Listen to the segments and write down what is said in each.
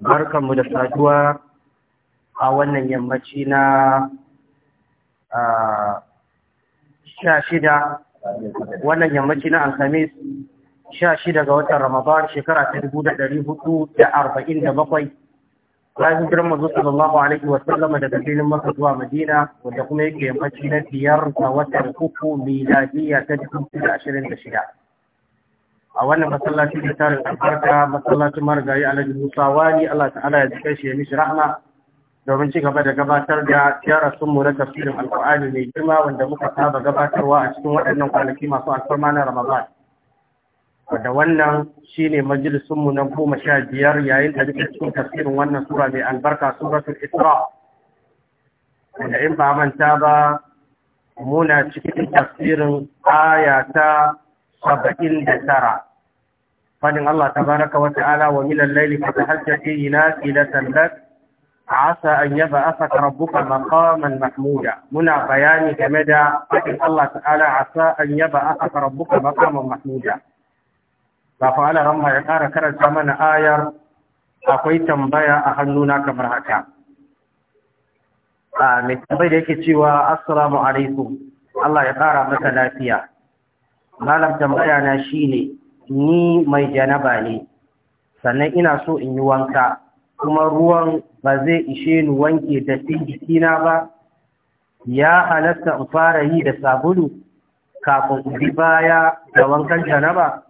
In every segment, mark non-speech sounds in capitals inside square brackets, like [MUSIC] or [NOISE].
barkanmu da saduwa a wannan yammaci na sha shida wannan yammaci na alhamis sha shida ga watan ramadan shekara ta dubu da ɗari hudu da arba'in da bakwai bayan hijirar manzo sallallahu alaihi wa sallama daga filin masa zuwa madina wanda kuma yake yammaci na biyar ga watan uku miladiya ta dubu da ashirin da shida a wannan masallaci da tarin albarka masallacin marigayi alhaji musa wani allah ta'ala ya ji kai shi ya mishi rahma domin ci gaba da gabatar da tiyara sun mu na tafsirin alkur'ani mai girma wanda muka saba gabatarwa a cikin waɗannan kwanaki masu alfarma na ramadan wadda wannan shine majalisun mu na goma sha biyar yayin da duka cikin tafsirin wannan sura mai albarka suratul isra wanda in ba manta ba muna cikin tafsirin aya ta saba'in da tara فإن الله تبارك وتعالى ومن الليل فتهجد فيه نافلة لك عسى أن يبعثك ربك مقاما محمودا منا بيان كمدى فإن الله تعالى عسى أن يبعثك ربك مقاما محمودا فقال رمى يقار كرت من آير akwai tambaya a hannuna kamar haka a mai tambayar yake cewa assalamu alaikum Allah ya ƙara maka lafiya malam tambaya na shine ni mai janaba ne sannan ina so in yi wanka kuma ruwan ba zai ishe ni wanke dattin jikina ba ya halatta in fara yi da sabulu kafin bi baya da wankan janaba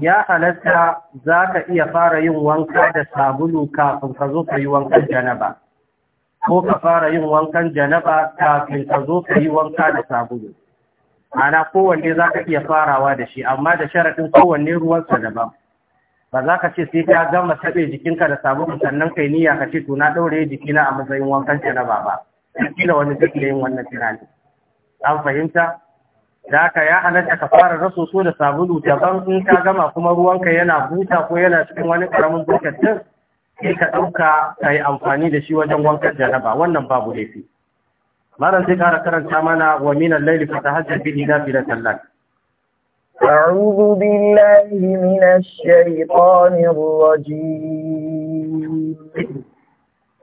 ya halatta za ka iya fara yin wanka da sabulu kafin ka zo ka yi wankan janaba ko ka fara yin wankan janaba kafin ka zo ka yi wanka da sabulu ana kowanne za ka iya farawa da shi amma da sharaɗin kowanne ruwansa daban ba za ka ce sai ka gama taɓe jikinka da sabu sannan kai niyya ka ce to na ɗaure jikina a matsayin wankan jaraba ba kila wani duk da yin wannan tunani an fahimta da haka ya halatta ka fara raso so da sabulu daban in ka gama kuma ruwanka yana buta ko yana cikin wani karamin bukatun sai ka ɗauka ka yi amfani da shi wajen wankan jaraba wannan babu laifi malam zai kara karanta mana ومن الليل فتهجد به نافلة لك أعوذ بالله من الشيطان الرجيم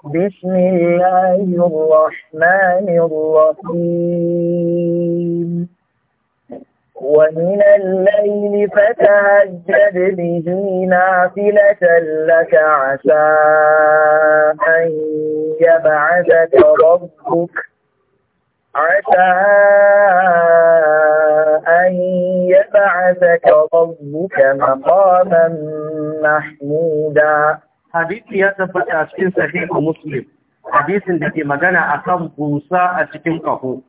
بسم الله الرحمن الرحيم ومن الليل فتهجد به نافلة لك عسى أن يبعثك ربك Hadisi ya tabbata cikin sahihu Muslim, hadisin da ke magana a kan busa a cikin ƙaho.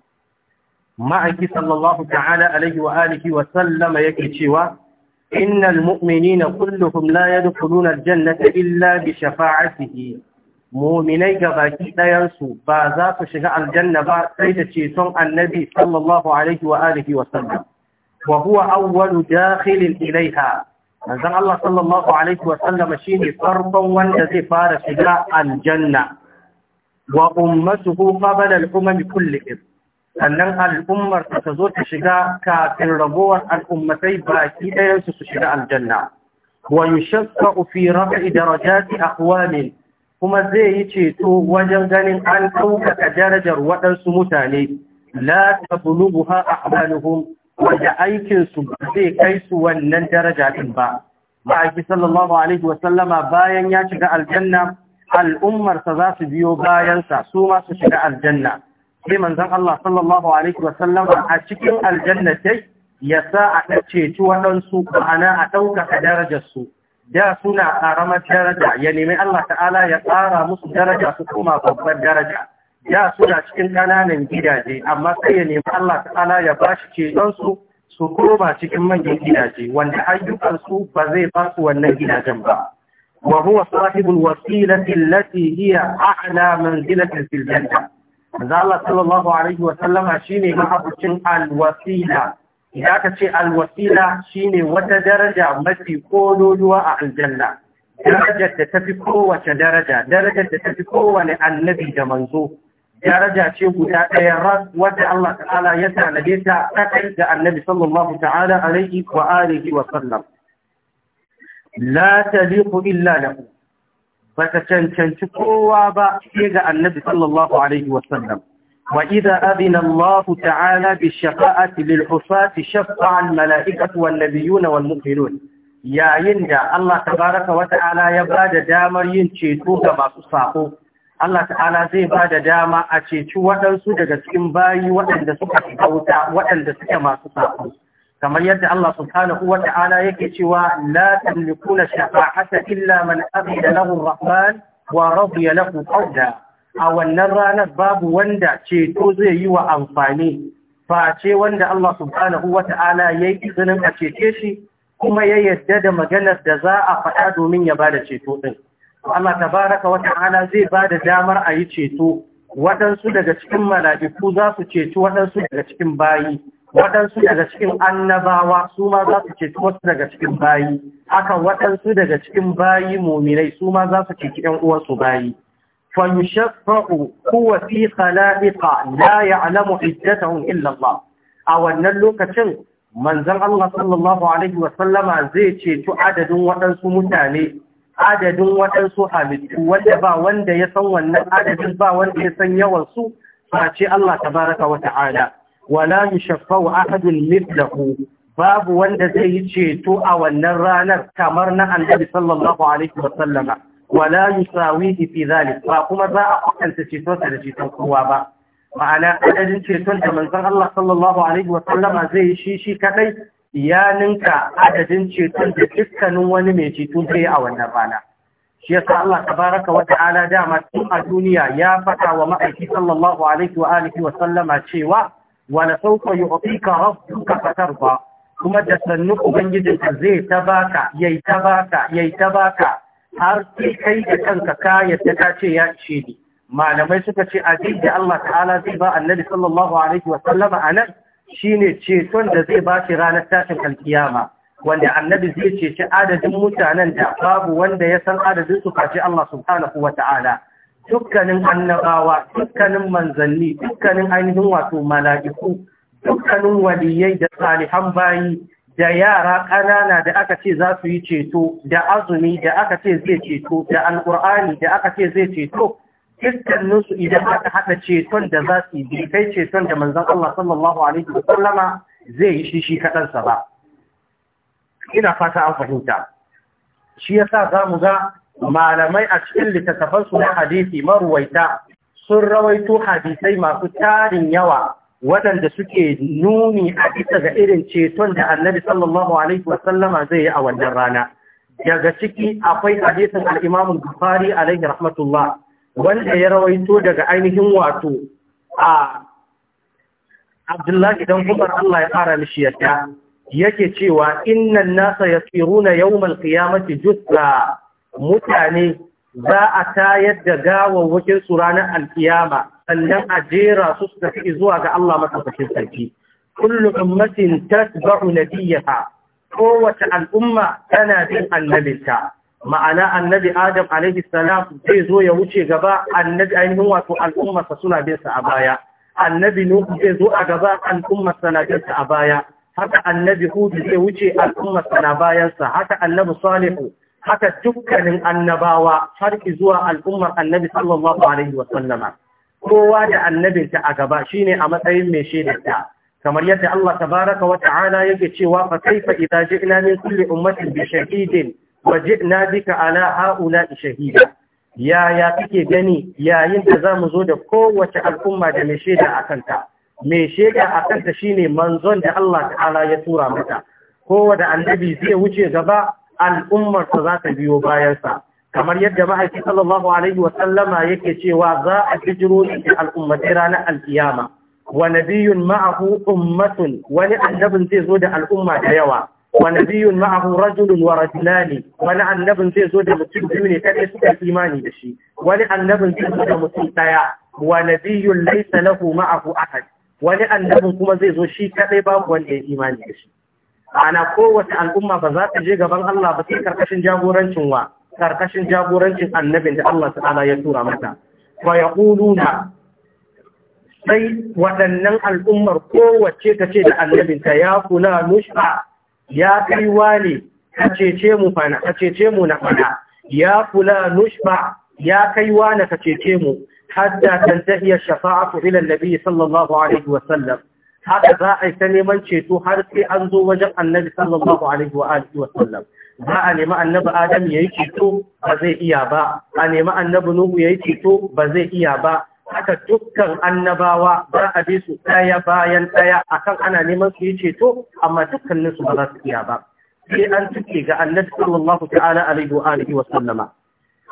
Ma’aiki sallallahu ta’ala alaihi wa alihi wa sallama yake cewa, Innal mu’mini na kullum la ya dukkanunar jannata illa bi shafa'atihi muminai baki ɗayansu ba za su shiga aljanna ba sai da ceton annabi sallallahu alaihi wa alihi wa sallam wa huwa awwalu dakhilin ilaiha manzon Allah sallallahu alaihi wa sallam shine farkon wanda zai fara shiga aljanna wa ummatuhu qabla al-umam kullihim sannan al'ummar ta zo ta shiga kafin ragowar al'ummatai baki ɗayansu su shiga aljanna wa yushaffa'u fi rafi darajati aqwamin kuma zai yi ceto wajen ganin an ɗaukaka darajar waɗansu mutane la a a'maluhum wanda aikin su zai kai su wannan daraja din ba ma'aiki sallallahu alaihi wasallama bayan ya shiga aljanna al'ummarsa za su biyo bayansa su ma su shiga aljanna sai manzon Allah sallallahu alaihi wasallama a cikin aljanna sai ya sa a ceto waɗansu ma'ana a ɗaukaka darajarsu. su da suna karamar daraja ya nemi Allah ta'ala ya tsara musu daraja su kuma babbar daraja da suna cikin ƙananan gidaje amma sai ya nemi Allah ta'ala ya ba shi su su koma cikin manyan gidaje wanda ayyukan su ba zai ba su wannan gidajen ba wa huwa sahibul wasilati allati hiya a'la manzilatin fil janna Allah sallallahu alaihi wa sallama shine mahabbucin al-wasila idan aka ce alwasila shine wata daraja mafi kololuwa a aljanna darajar da tafi kowace daraja darajar da tafi kowane annabi da manzo daraja ce guda ɗaya ras wata Allah ta'ala ya tanade ta kadai ga annabi sallallahu ta'ala alaihi wa alihi wa sallam la taliqu illa lahu ta cancanci kowa ba sai ga annabi sallallahu alaihi wa sallam وإذا أذن الله تعالى بالشفاعة للحفاة شفع الملائكة والنبيون والمؤمنون yayin da Allah tabaraka wa ta'ala ya ba da damar yin ceto ga masu sako Allah ta'ala zai ba da dama a ceci waɗansu daga cikin bayi waɗanda suka kauta waɗanda suke masu sako kamar yadda Allah subhanahu wa ta'ala yake cewa la tamlikuna shafa'ata illa man azina lahu rahman wa radiya lahu qawla a wannan ranar babu wanda ceto zai yi wa amfani face wanda Allah subhanahu wata'ala ya yi izinin a cece shi kuma ya yadda da maganar da za a faɗa domin ya ba da ceto ɗin. Allah tabaraka wata'ala zai ba da damar a yi ceto waɗansu daga cikin mala'iku za su ceci waɗansu daga cikin bayi waɗansu daga cikin annabawa su ma za su ceci wasu daga cikin bayi haka waɗansu daga cikin bayi muminai su ma za su ceci ‘yan uwansu bayi فيشفع هو في خلائق لا يعلم عدتهم إلا الله أو أن اللوكة manzon Allah sallallahu Alaihi wasallama zai ceto adadin waɗansu mutane, adadin waɗansu halittu wanda ba wanda yasan san wannan adadin ba wanda ya yawansu face Allah tabaraka wa ta'ala. Wala yushaffa'u ahadun mithlahu babu wanda zai yi ceto a wannan ranar kamar na Annabi sallallahu Alaihi wasallama. wala yusawihi fi zalik ba kuma za a kwatanta sa da ceton kowa ba ma'ana adadin ceton da manzon Allah sallallahu alaihi wa sallama zai yi shi shi kadai ya ninka adadin ceton da dukkanin wani mai ceto zai a wannan rana shi yasa Allah tabaraka wa ta'ala dama tun a duniya ya faɗa wa ma'aiki sallallahu alaihi wa alihi wa sallama cewa wa la sawfa yu'tika rabbuka fatarda kuma da sannu ubangijinka zai ta baka yayi ta baka yayi ta baka har sai kai da kanka ka yadda ka ce ya ishe ni malamai suka ce abin da Allah ta'ala zai ba annabi sallallahu alaihi wa sallama anan shine ceton da zai ba shi ranar tashin alkiyama wanda annabi zai ceci adadin mutanen da babu wanda ya san adadin su kace Allah subhanahu wa ta'ala dukkanin annabawa dukkanin manzanni dukkanin ainihin wato mala'iku dukkanin waliyai da salihan bayi da yara ƙanana da aka ce za su yi ceto da azumi da aka ce zai ceto da alƙur'ani da aka ce zai ceto nusu idan aka haɗa ceton da za su yi kai ceton da manzan Allah sallallahu alaihi wa sallama zai yi shi shi kaɗansa ba ina fata an fahimta shi ya sa za mu ga malamai a cikin littattafansu na hadisi maruwaita sun rawaito hadisai masu tarin yawa waɗanda suke nuni a isa ga irin ceton da annabi sallallahu alaihi wasallama zai yi a wannan rana daga ciki akwai hadisin al-imam bukhari alaihi rahmatullah wanda ya rawaito daga ainihin wato a Abdullahi dan Umar Allah ya fara mishi yadda yake cewa innan nasa yasiruna yawmal qiyamati juzza mutane za a tayar da gawawwakin su ranar alkiyama sannan a jera su su tafi zuwa ga Allah madaukakin sarki kullu ummatin tasba'u nabiyaha kowace al'umma tana bin annabinta ma'ana annabi adam alaihi salam zai zo ya wuce gaba annabi ainihin wato al'ummarsa suna bin sa a baya annabi nuhu zai zo a gaba al'ummarsa na bin sa a baya haka annabi hudu zai wuce al'ummarsa na bayansa haka annabi salihu haka dukkanin annabawa har zuwa al'ummar annabi sallallahu alaihi wa sallama kowa da annabinta a gaba shine a matsayin mai shaidarta kamar yadda Allah tabaraka wa ta'ala yake cewa fa kaifa idza ji'na min kulli ummatin bi shahidin wa ji'na bika ala haula'i shahida ya ya kike gani yayin da zamu zo da kowace al'umma da mai shaida akan ta mai shaida akan ta shine manzon da Allah ta'ala ya tura mata kowa da annabi zai wuce gaba al'ummarsa za ta biyo bayansa kamar yadda mahaifi sallallahu alaihi wa sallama yake cewa za a bijiro da al'ummatai ranar al'iyama. Wani biyun ma'ahu ummatun wani annabin zai zo da al'umma da yawa Wani biyun ma'ahu rajulun wa rajulani wani annabin zai zo da mutum biyu ne kaɗai suka imani da shi wani annabin zai zo da mutum daya wa nabiyyun laysa lahu ma'ahu ahad wani annabin kuma zai zo shi kaɗai babu wanda ya imani da shi ana kowace al'umma ba za ta je gaban Allah ba sai karkashin jagorancin wa karkashin jagorancin annabin da Allah ta'ala ya tura mata wa yaquluna sai waɗannan al'ummar kowace ta ce da annabinta ya kula nushra ya kai wani ka cece mu fana ka cece mu na fana ya kula nushba, ya kai wani ka cece mu hatta tantahiya shafa'atu ila annabi sallallahu alaihi wa sallam haka za a yi ta neman ceto har sai an zo wajen annabi sallallahu alaihi wa alihi wa sallam za a nemi annabi adam ya yi ceto ba zai iya ba a nemi annabi nuhu ya yi ceto ba zai iya ba haka dukkan annabawa za a bi su ɗaya bayan ɗaya akan ana neman su yi ceto amma dukkanin ba za su iya ba sai an tuke ga annabi sallallahu ta'ala alaihi wa alihi wa sallama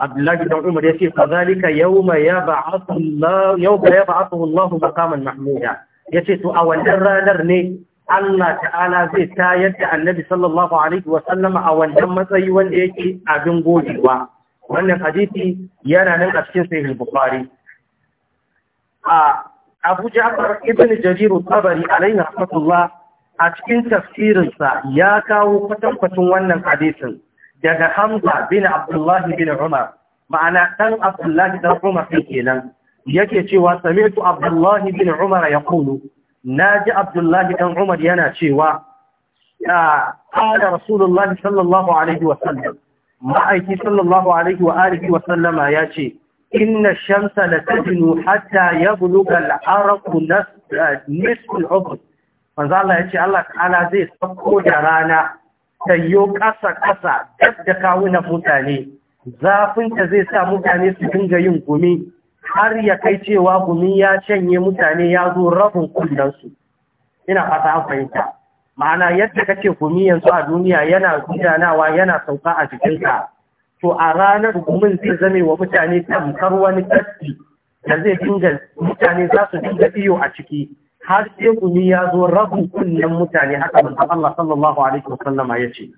Abdullahi dan Umar yace fa zalika yau yab'athu Allah yawma yab'athu Allah maqaman mahmuda ya ce to a wannan ranar ne Allah ta'ala zai tayar da annabi sallallahu alaihi wasallama a wannan matsayi wanda yake abin gogewa wannan hadisi yana nan a cikin sahih a Abu Ja'far ibn Jarir tabari alaihi rahmatullah a cikin tafsirinsa ya kawo kwatankwacin wannan hadisin daga Hamza bin Abdullahi bin Umar ma'ana dan Abdullah bin Umar kenan yake cewa sami'tu abdullahi bin umar Na naji abdullahi dan umar yana cewa قال رسول الله صلى Ma'aiki sallallahu alaihi مأيك صلى ya ce. وآله وسلم ياتي إن الشمس لتجن حتى يبلغ na نصف العبد manzo Allah yace Allah ta'ala zai sako da rana ta ƙasa ƙasa duk da kawuna mutane Zafinta zai sa mutane su dinga yin gumi har ya kai cewa gumi ya shanye mutane ya zo rabin kundansu ina fata an fahimta ma'ana yadda kace gumi yanzu a duniya yana gudanawa yana sauka a jikinka to a ranar gumin zai zame wa mutane tamkar wani kaski da zai dinga mutane za su dinga iyo a ciki har sai gumi ya zo rabin kunnen mutane haka manzon Allah sallallahu alaihi wasallam ya ce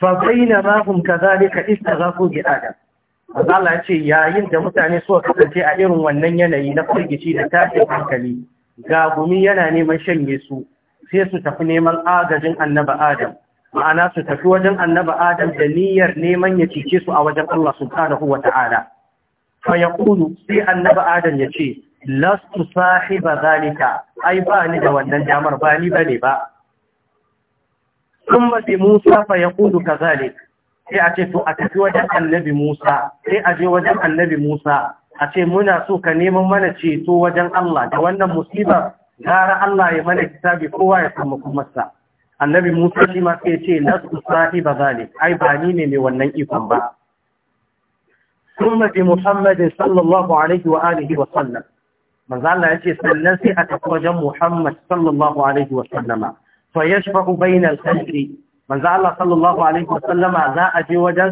fa bainama hum kadhalika istaghafu bi adam Allah ya ce yayin da mutane suka kasance a irin wannan yanayi na firgici da tashin hankali ga gumi yana neman shanye su sai su tafi neman agajin annaba Adam ma'ana su tafi wajen annaba Adam da niyyar neman ya cike su a wajen Allah subhanahu wa ta'ala fa yaqulu sai annaba Adam ya ce lastu sahiba zalika ai ba ni da wannan damar ba ni bane ba Musa, في موسى فيقول kazalika sai a ce to a tafi wajen annabi Musa sai a je wajen annabi Musa a ce muna so ka neman mana ceto wajen Allah da wannan musibar gara Allah ya mana kitabi kowa ya samu kumarsa annabi Musa shi ma sai ce lasu sahiba zalik ai ba ni ne mai wannan ikon ba sunna bi Muhammadin sallallahu alaihi wa alihi wa sallam manzo Allah yace sannan sai a tafi wajen Muhammad sallallahu alaihi wa sallama fa yashfa'u bainal khalqi manzo Allah sallallahu alaihi wasallama za a je wajen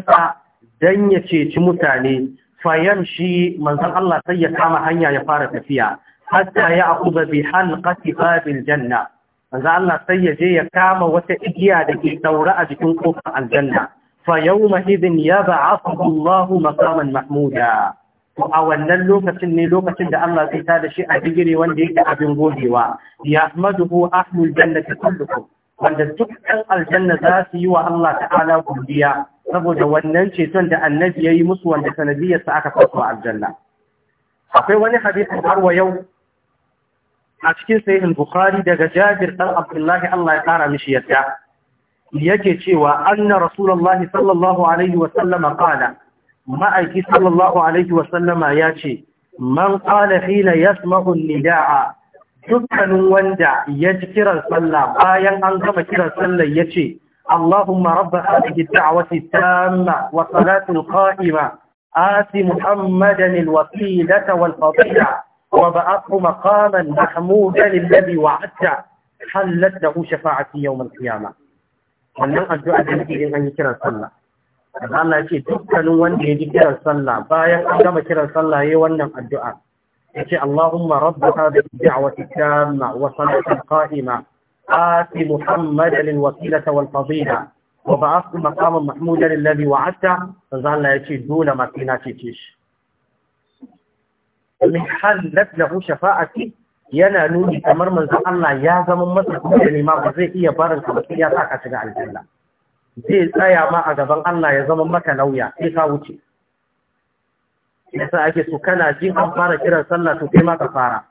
dan ya ceci mutane fayamshi manzo Allah sai ya kama hanya ya fara tafiya hatta ya akuba bi halqati babil janna manzo Allah sai ya je ya kama wata igiya da ke daura a jikin kofar aljanna fa yawma idin yab'athu Allah maqaman mahmuda a wannan lokacin ne lokacin da Allah zai tada shi a digiri wanda yake abin godewa ya ahmaduhu ahlul jannati kullukum wanda duk ɗan aljanna za su yi wa Allah ta'ala godiya saboda wannan ceton da annabi ya yi musu wanda sanadiyarsa aka farko aljanna akwai wani hadisin har wa yau a cikin sahihin bukhari daga jabir ɗan abdullahi Allah ya ƙara mishi yadda yake cewa anna rasulullahi sallallahu alaihi wa sallama qala ma'aiki sallallahu alaihi wa sallama yace man qala hina yasma'u nidaa dukkanin wanda ya ji kiran tsalla bayan an gama kiran tsallar ya ce, Allahumma rabba a cikin ta'a wasi tamma wa salatun ƙa’ima, a si Muhammadu ne wasi data wal fasila, wa ba a kuma kamar da kamo ganin labi wa hajja hallar da kushe fa’afi yau mai kiyama. Wannan addu’a da nake yin an yi kiran tsalla. Allah ce dukkanin wanda ya ji kiran sallah bayan an gama kiran sallah ya wannan addu’a. يقول اللهم رب هذه الدعوة التامة وصلاة القائمة آت محمدا الوسيلة والفضيلة وبعثت مقاما محمودا الذي وعدته فظل لا دون ما تيش من حلت له شفاعتي yana nuni kamar manzon Allah ya zama masa da nema ba zai iya barin ka ba sai ya saka shiga aljanna zai tsaya ma a gaban Allah ya zama maka lauya sai ka wuce yasa ake so kana jin an fara kiran sallah to kai ma ka fara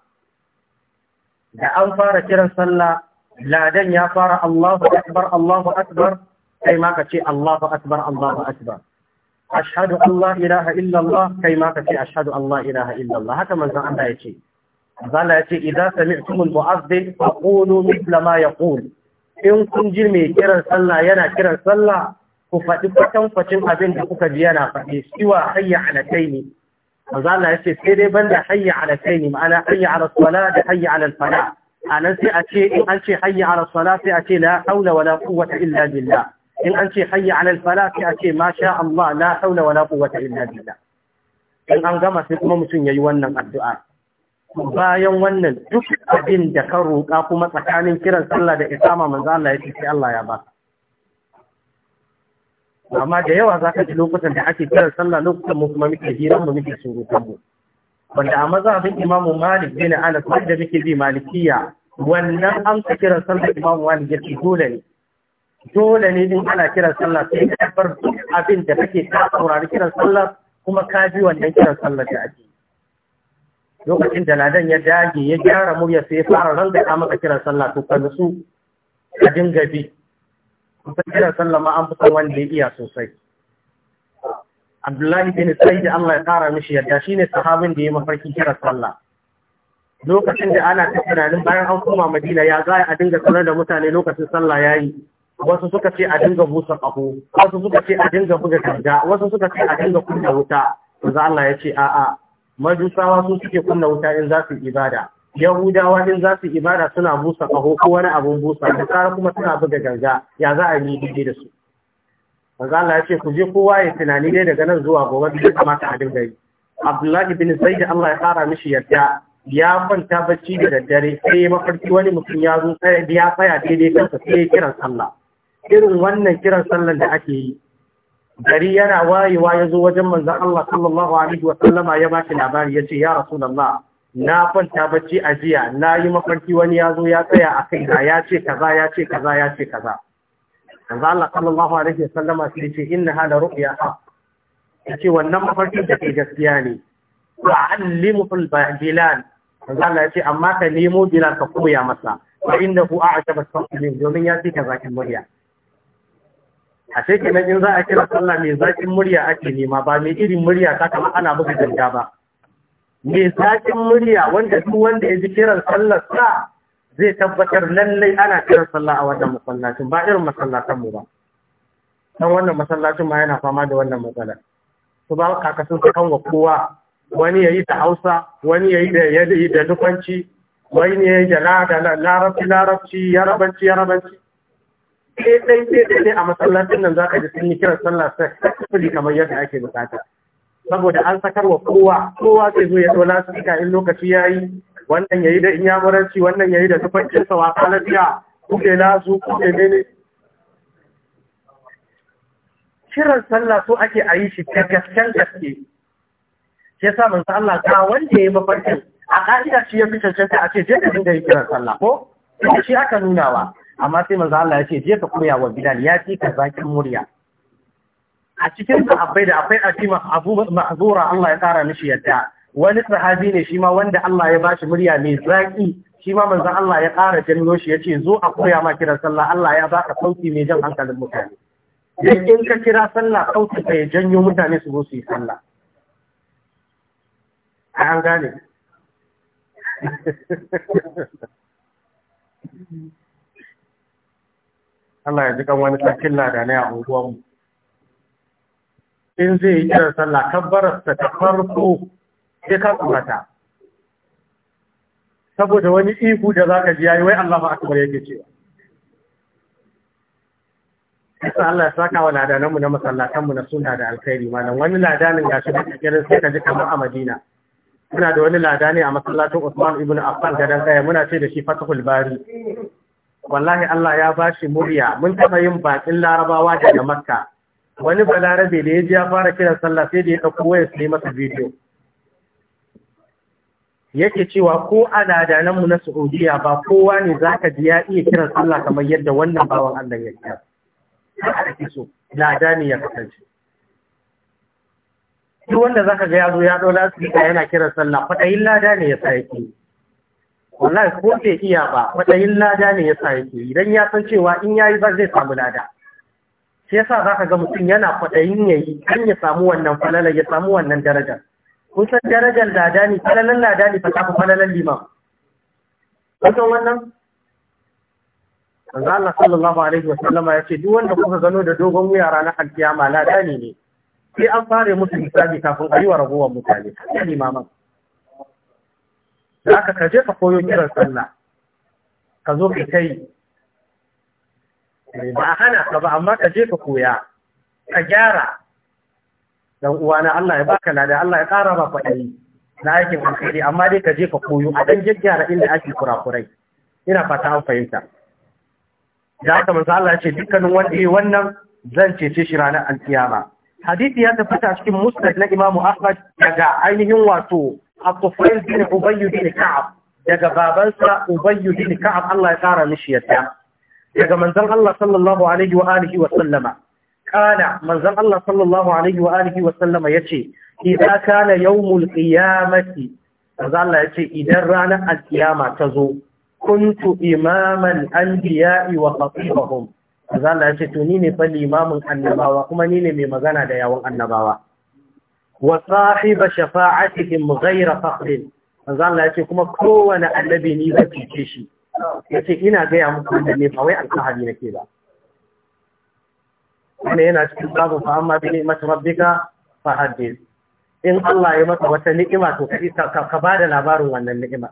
da an fara kiran sallah ladan ya fara Allahu akbar Allahu akbar kai ma ka ce Allahu akbar Allahu akbar ashhadu an la ilaha illa Allah kai ma ka ce ashhadu an la ilaha illa Allah haka manzon Allah yace Allah yace idan sami'tum al-mu'adhdhin faqulu mithla ma yaqul in kun ji mai kiran sallah yana kiran sallah ku faɗi kwatankwacin abin da kuka ji yana faɗi siwa hayya ala ne. manzo Allah ya ce sai dai banda hayya ala kaini ma'ana hayya ala sala da hayya ala fala anan sai a ce in an ce hayya ala sala sai a ce la haula wala quwwata illa billah in an ce hayya ala fala sai a ce ma sha Allah la haula wala quwwata illa billah in an gama sai kuma mutum yayi wannan addu'a bayan wannan duk abin da ka roƙa kuma tsakanin kiran sallah da isama manzo Allah ya ce sai Allah ya baka amma da yawa za ka ji lokutan da ake kiran sallah lokutan mu kuma muke hiran mu muke surutan mu wanda a mazhabin imamu malik bin anas wanda muke bi malikiya wannan amsa kiran sallah imamu malik yake dole ne dole ne din ana kiran sallah sai ka bar abin da kake ka saurari kiran sallah kuma ka bi wannan kiran sallah da ake lokacin da ladan ya dage ya gyara murya sai ya fara ranga maka kiran sallah to ka nusu ka dinga bi kusan kiran sallama an fi son wanda ya iya sosai Abdullahi bin da Allah ya kara mishi yadda shine sahabin da ya mafarki kiran sallah lokacin da ana ta tunanin bayan an koma Madina ya ga a dinga sanar da mutane lokacin sallah yi, wasu suka ce a dinga busa ƙaho wasu suka ce a dinga buga karga wasu suka ce a dinga kunna wuta yanzu Allah ya ce a'a majusawa su suke kunna wuta in za su ibada yahudawa din za su ibada suna busa kaho ko wani abun busa da tsara kuma suna buga ganga ya za a yi daidai da su manzo Allah ya ce ku je kowa ya tunani dai daga nan zuwa gobe da kamata a dinga yi Abdullahi bin Zaid Allah ya ƙara mishi yarda ya kwanta bacci da daddare sai ya mafarki wani mutum ya zo ya tsaya daidai sa sai ya kiran sallah irin wannan kiran sallar da ake yi gari yana wayewa ya zo wajen manzon Allah sallallahu alaihi wa sallama ya ba shi labari ya ce ya rasu rasulullah na kwanta bacci a jiya na yi mafarki wani ya zo ya tsaya a kai na ya ce kaza ya ce kaza ya ce kaza za Allah sallallahu alaihi wa sallama sai ce inna hada ru'ya ha ce wannan mafarki da ke gaskiya ne wa allimu fil bilal za Allah ce, amma ka nemo bilal ka koya masa fa innahu a'jaba sabbin domin ya ce kaza kin murya a sai kenan in za a kira sallah mai zakin murya ake nema ba mai irin murya ta kama ana buga danda ba mai sakin murya wanda duk wanda ya ji kiran sallar sa zai tabbatar lallai ana kiran sallah a wannan masallacin ba irin masallatan mu ba dan wannan masallacin ma yana fama da wannan matsalar su ba kakasun su kan wa kowa wani yayi da Hausa wani yayi da yayi da dukanci wani yayi da larabci larabci yarabanci yarabanci sai dai sai dai a masallacin nan zaka ji sun yi kiran sallah sai kamar yadda ake bukata saboda an sakar wa kowa kowa sai zo ya dola lasika in lokaci yi, wannan yi da inyamuranci wannan ya yi da tufancin sa wasa lafiya kuke na kuke ne kiran sallah so ake a yi shi ta gasken gaske ke sa manzo Allah ka wanda yi mafarkin a ƙa'ida shi ya fi cancanta a ce je ka dinga yin kiran sallah ko shi aka nunawa amma sai manzo Allah ya ce je ka koya wa Bilal ya ci ka zakin murya a cikin sahabbai da akwai asima abu ma'zura Allah ya kara mishi yadda wani sahabi ne shi ma wanda Allah ya bashi murya mai zaki shi ma manzon Allah ya kara janyo shi yace zo a koya ma kiran sallah Allah ya ba ka sauki mai jan hankalin mutane dan in ka kira sallah sauki ka ya janyo mutane su zo su yi sallah an gane [LAUGHS] Allah ya ji kan wani sakin lada ne a unguwarmu. in zai yi kiran sallah kabbararsa ta farko sai ka tsorata saboda wani ihu da za ka ji yayi wai Allah ma akbar yake cewa Isa Allah ya saka wa ladananmu na masallatanmu na suna da alkhairi malam wani ladanin gashi da kirin sai ka ji kamar a Madina muna da wani ladani a masallacin Usman ibn Affan gadan kaya muna ce da shi Fathul Bari wallahi Allah ya bashi murya mun taba yin bakin Larabawa daga Makka wani balarabe da ya ji ya fara kiran sallah sai da ya ɗauko wayar su masa bidiyo yake cewa ko al'adananmu dadananmu na Saudiya ba kowa ne za ka ji ya iya kiran sallah kamar yadda wannan bawan Allah ya kira. Ake so, lada ne ya kasance. Duk wanda za ka ga ya zo ya ɗau lasika yana kiran sallah faɗayin lada ne ya sa yake. Wallahi ko ke iya ba faɗayin lada ne ya sa yake idan ya san cewa in ya yi ba zai samu lada. shi yasa za ka ga mutum yana kwaɗayin ya yi kan ya samu wannan falala ya samu wannan darajar kun san darajar ladani falalar ne fa tafi falalar liman kun san wannan manzo Allah sallallahu alaihi wa sallama ya ce duk wanda kuka gano da dogon wuya ranar alkiyama lada ne ne. sai an fara musu hisabi kafin a yi wa ragowar mutane kan limaman da aka kaje ka koyo kiran sallah ka zo ka kai Eh, ba a hana ka ba amma ka je ka koya ka gyara dan uwana Allah ya baka lada Allah ya kara maka na aikin alkhairi amma dai ka je ka koyo a dan gyara inda ake kurakurai ina fata an fahimta da haka manzo Allah ya ce dukkanin wanda yayi wannan zan cece shi ranar alkiyama hadisi ya tabbata cikin musnad na Imam Ahmad daga ainihin wato Abdulrahman bin Ubay bin Ka'ab daga babansa Ubay bin Ka'ab Allah ya kara mishi yadda daga manzan Allah sallallahu alaihi wa alihi wa sallama kana manzon Allah sallallahu alaihi wa alihi wa sallama yace idan kana yawmul qiyamati manzon Allah idan ranar alkiyama ta zo kuntu imaman anbiya'i wa khatibahum manzon Allah to ni ne fa limamin annabawa kuma ni ne mai magana da yawan annabawa wa sahiba shafa'atihim ghayra fakhrin manzon Allah kuma kowane annabi ni zai cece shi ya ce ina gaya muku da ne ba wai alfahari nake ba wani yana cikin babu fa'amma bi ni'mat rabbika fa in Allah ya maka wata ni'ima to ka ba da labarin wannan ni'ima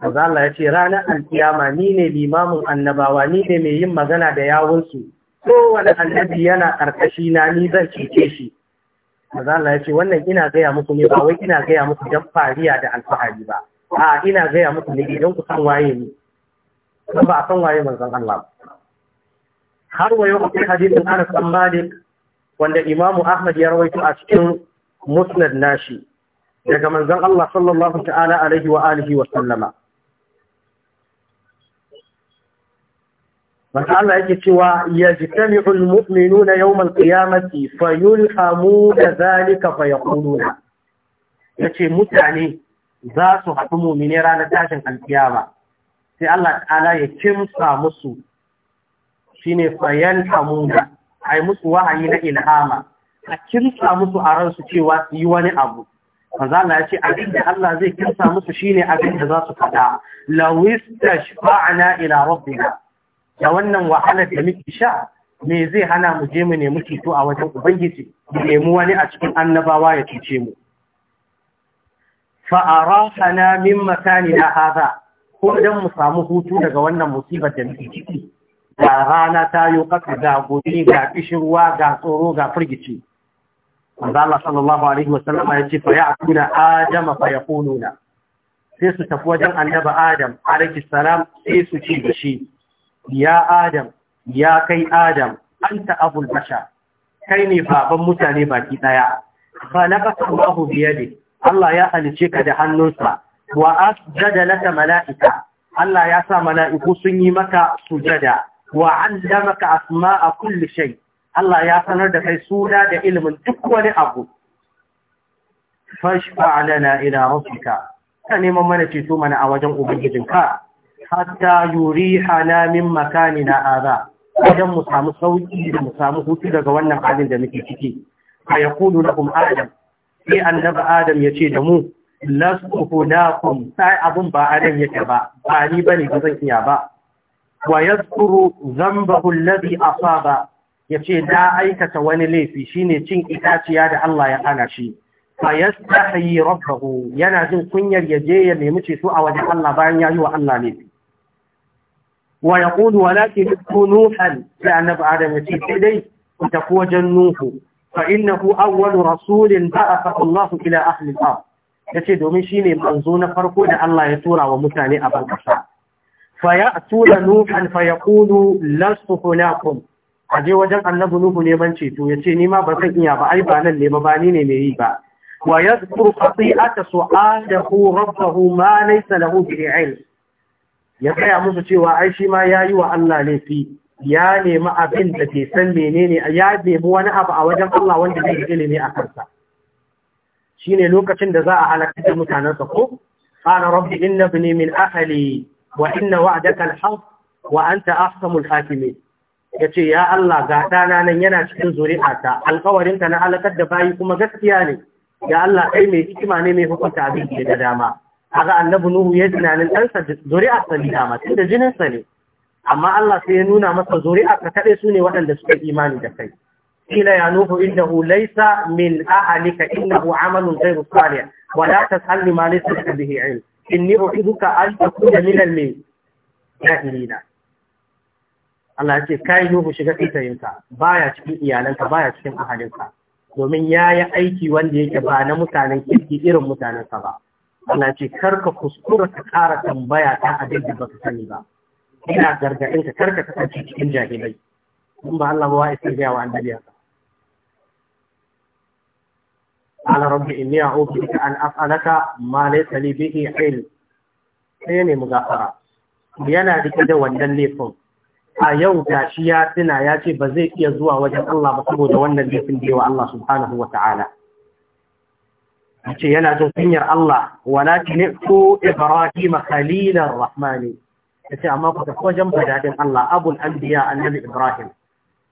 Maza Allah ya ce ranar alkiyama ni ne limamin annabawa ni ne mai yin magana da yawunsu kowane annabi yana ƙarƙashi na ni zan cike shi Maza Allah ya ce wannan ina gaya muku ne ba wai ina gaya muku don fariya da alfahari ba a ina gaya muku ne idan ku san waye ne ba a san waye manzon Allah har wa yau akwai hadisin Anas bin Malik wanda Imam Ahmad ya rawaito a cikin Musnad nashi daga manzon Allah sallallahu ta'ala alaihi wa alihi wa sallama Maka Allah yake cewa ya jitami ulmu'minu na yau malƙiyamati fayul hamu da zalika fayakulu na. Ya ce mutane za su haɗu mumine ranar tashin ba. sai Allah ta'ala ya kimsa musu shi ne fayan hamuna ai musu wahayi na ilhama a kimsa musu a ransu cewa su yi wani abu manzo Allah ya ce abin da Allah zai kimsa musu shine abin da za su faɗa lawistashfa'na ila rabbina da wannan wahalar da muke sha me zai hana mu je mu nemi ceto a wajen ubangiji mu nemi wani a cikin annabawa ya cuce mu fa'arahana min na haza ko idan mu samu hutu daga wannan musibar da muke ciki ga rana ta yi ƙasa ga gobe ga kishirwa ga tsoro ga firgici manzo Allah sallallahu alaihi wasallama ya ce fa ya'tuna adama fa yaquluna sai su tafi wajen annabi Adam alaihi salam sai su ce da shi ya Adam ya kai Adam anta abul bashar kai ne baban mutane baki ɗaya? na fa ƙasa Allahu biya ne. Allah ya halice ka da hannunsa wa asjada laka mala'ika Allah ya sa mala'iku sun yi maka sujada wa allamaka asma'a kulli shay Allah ya sanar da kai suna da ilimin duk wani abu fashfa 'alana ila rabbika ka neman mana ceto mana a wajen ubangijinka hatta yurihana min makanina aza wajen mu samu sauki da mu samu hutu daga wannan halin da muke ciki fa yaqulu lahum adam sai annabi adam ya ce da mu lasu hudakum sai abun ba adam yake ba ba ni bane ba zan iya ba wa yadhkuru dhanbahu ba asaba ce da aikata wani laifi shine cin itaciya da Allah ya hana shi fa yastahi rabbahu yana jin kunyar ya je ya nemi ceto a wajen Allah bayan ya yi wa Allah laifi wa yaqulu walakin kunuhan sai annabi adam yace sai dai ta tafi wajen nuhu فإنه أول رسول بعثه الله إلى أهل الأرض yace domin shine manzo na farko da Allah ya tura wa mutane a bankasa fayatuna nuhan fayaqulu lastu hunakum aje wajen annabi nuhu neman ceto yace ni ma ba zan iya ba ai ba nan ne ba ni ne mai yi ba wa yadhkuru qati'ata su'adahu rabbahu ma laysa lahu bihi ilm ya tsaya musu cewa ai shi ma yayi wa Allah laifi ya nemi abin da ke san menene ya nemi wani abu a wajen Allah wanda zai ilimi a kansa shine lokacin da za a halaka da sa ko qala rabbi inna ibni min ahli wa inna wa'daka al-haq wa anta ahkamul hakimin yace ya Allah ga dana nan yana cikin zuri'ata alƙawarin na halakar da bayi kuma gaskiya ne ya Allah kai mai hikima ne mai hukunta abin da dama kaga annabi nuhu ya tunanin ɗansa zuri'a ne dama tunda jininsa ne amma Allah sai ya nuna masa zuri'a ka kaɗai su ne waɗanda suka imani da kai قيل يا نوح إنه ليس من أهلك إنه عمل غير صالح ولا تسألني In ni لك به علم إني أعيذك أن تكون من الجاهلين Allah ce kai Nuhu shiga fitayinka baya cikin iyalanka baya cikin ahalinka domin yayi aiki wanda yake ba na mutanen kirki irin mutanensa ba Allah ce karka kuskura ka kara tambaya ta abin da baka sani ba إلى درجة إنك ترك تأجج إن جاهلي ثم الله هو إسرجع وعن على ربي إني أعوذ بك أن أسألك ما ليس لي به علم إني مغافرة ينا ديك دو وندن لي فوق أيو داشيا سنا ياتي بزيك يزوى وجه الله بصبود وندن لي فندي الله سبحانه وتعالى أتي ينا دو الله ولكن ائتوا إبراهيم خليل الرحمن ce amma ku tafi wajen fadadin Allah abul ambiya annabi Ibrahim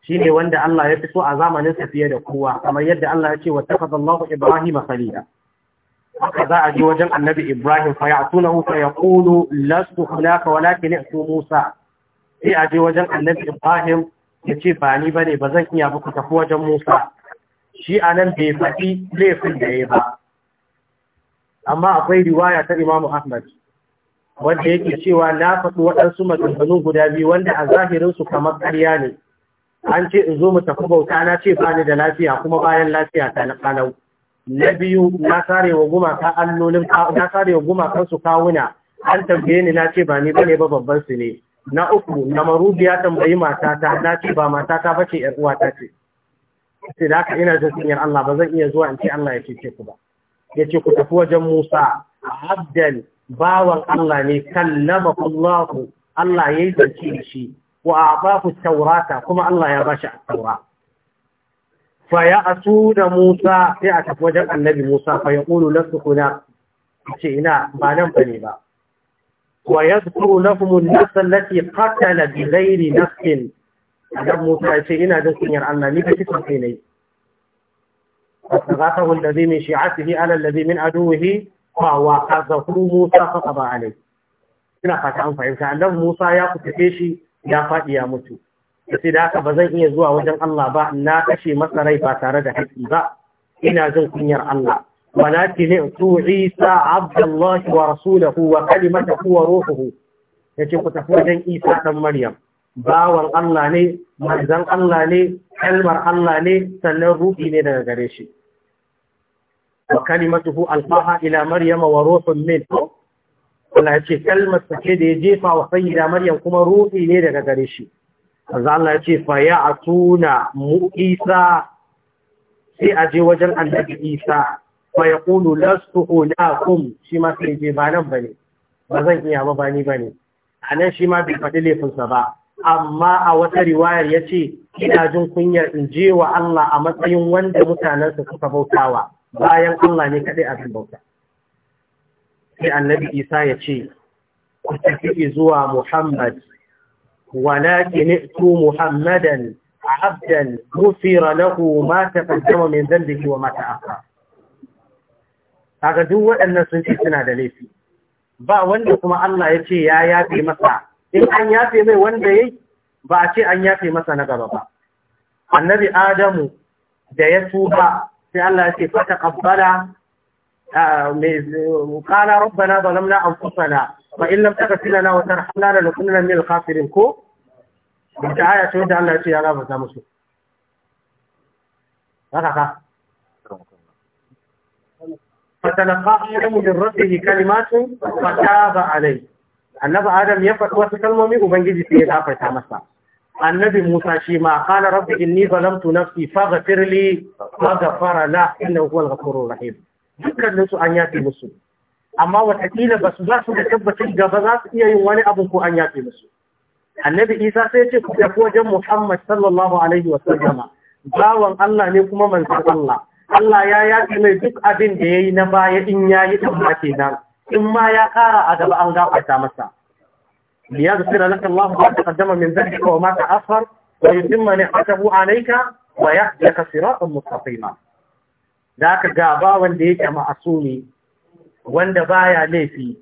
Shi ne wanda Allah ya fi so a zamanin sa fiye da kowa kamar yadda Allah ya ce wa tafadallahu Ibrahim khalila haka za a ji wajen annabi Ibrahim fa kulu, fa yaqulu lastu hunaka walakin ya'tu Musa sai a je wajen annabi Ibrahim ya ce ba ni bane ba zan iya ba ku tafi wajen Musa shi anan bai faɗi laifin da ya ba amma akwai riwaya ta Imam Ahmad wanda yake cewa na faɗi waɗansu matsalolin guda biyu wanda a zahirinsu kamar ƙarya ne an ce in zo mu tafi bauta na ce ba da lafiya kuma bayan lafiya ta na kalau na biyu na sare wa gumaka allolin na sare wa gumakan su kawuna an tambaye ni na ce ba ni bane ba babban su ne na uku na marubi ya tambayi matata na ce ba matata ba ce ƴar uwata ce sai da haka ina jin sunyar Allah ba zan iya zuwa in ce Allah ya ce ku ba ya ce ku tafi wajen Musa abdal bawan Allah ne kallama Allah Allah ya yi zance shi wa abaku taurata kuma Allah ya bashi taura fa ya asu da Musa sai a tafi wajen annabi Musa fa ya qulu lasukuna ce ina ba nan bane ba wa yadhkuru lahum an-nafs allati qatala bi ghairi nafsin adam Musa ce ina da sunyar Allah ni kace kai ne فاستغاثه الذي من شيعته على الذي من عدوه ba wa kazahu Musa ba a alai ina fata an fahimta annabi Musa ya kusa shi ya faɗi ya mutu sai da haka ba zan iya zuwa wajen Allah ba na kashe masa rai ba tare da haƙƙi ba ina jin kunyar Allah su Abdullahi wa عيسى wa الله ورسوله وكلمته Ya yace ku tafi wajen Isa dan Maryam bawan Allah ne manzan Allah ne kalmar Allah ne sannan ruhi ne daga gare shi wa kalimatuhu alfaha ila maryama wa ruhun min Allah ya ce kalmar ce da ya jefa wa sayyida maryam kuma ruhi ne daga gare shi manzo Allah ya ce fa ya'tuna mu isa sai aje wajen annabi isa fa yaqulu lastu ulakum shi ma sai je ba nan bane ba zan iya ba bani bane anan shi ma bai faɗi laifinsa ba amma a wata riwayar ya ce ina kunyar in je wa Allah a matsayin wanda mutanensa suka bautawa bayan Allah ne kaɗai abin bauta. Sai annabi Isa ya ce, Ku tafi zuwa Muhammad, walakin tu Muhammadan abdan mufira lahu ma ta kaddama mai zalbihi wa mata aka. Kaga duk waɗannan sun ce suna da laifi. Ba wanda kuma Allah ya ce ya yafe masa, in an yafe mai wanda yayi ba a ce an yafe masa na gaba ba. Annabi Adamu da ya tuba sai Allah ya ce fata qabbala قال ربنا ظلمنا أنفسنا وإن لم تغفر لنا وترحمنا لنكونن من الخاسرين ko? wata aya ce Allah ya ce ya gafarta musu haka ka fatalaka adamu min rabbihi kalimatun fataba alai annabi adam ya faɗi wasu kalmomi ubangiji sai ya gafarta masa annabi Musa shi ma qala rabbi inni zalamtu nafsi faghfir li na la innahu huwal ghafurur rahim dukkan su an yafe musu amma watakila ba su za su da tabbacin gaba za su iya yin wani abu ko an yafe musu annabi Isa sai ya ce ku tafi wajen Muhammad sallallahu alaihi wa bawan Allah ne kuma manzon Allah Allah ya yafe mai duk abin da ya yi na baya in yayi da kenan in ma ya kara a gaba an gafarta masa ليغفر لك الله ما تقدم من ذنبك وما تأخر ويتم نعمته عليك ويهديك صراطا مستقيما ذاك غابا wanda yake ma'asumi wanda baya laifi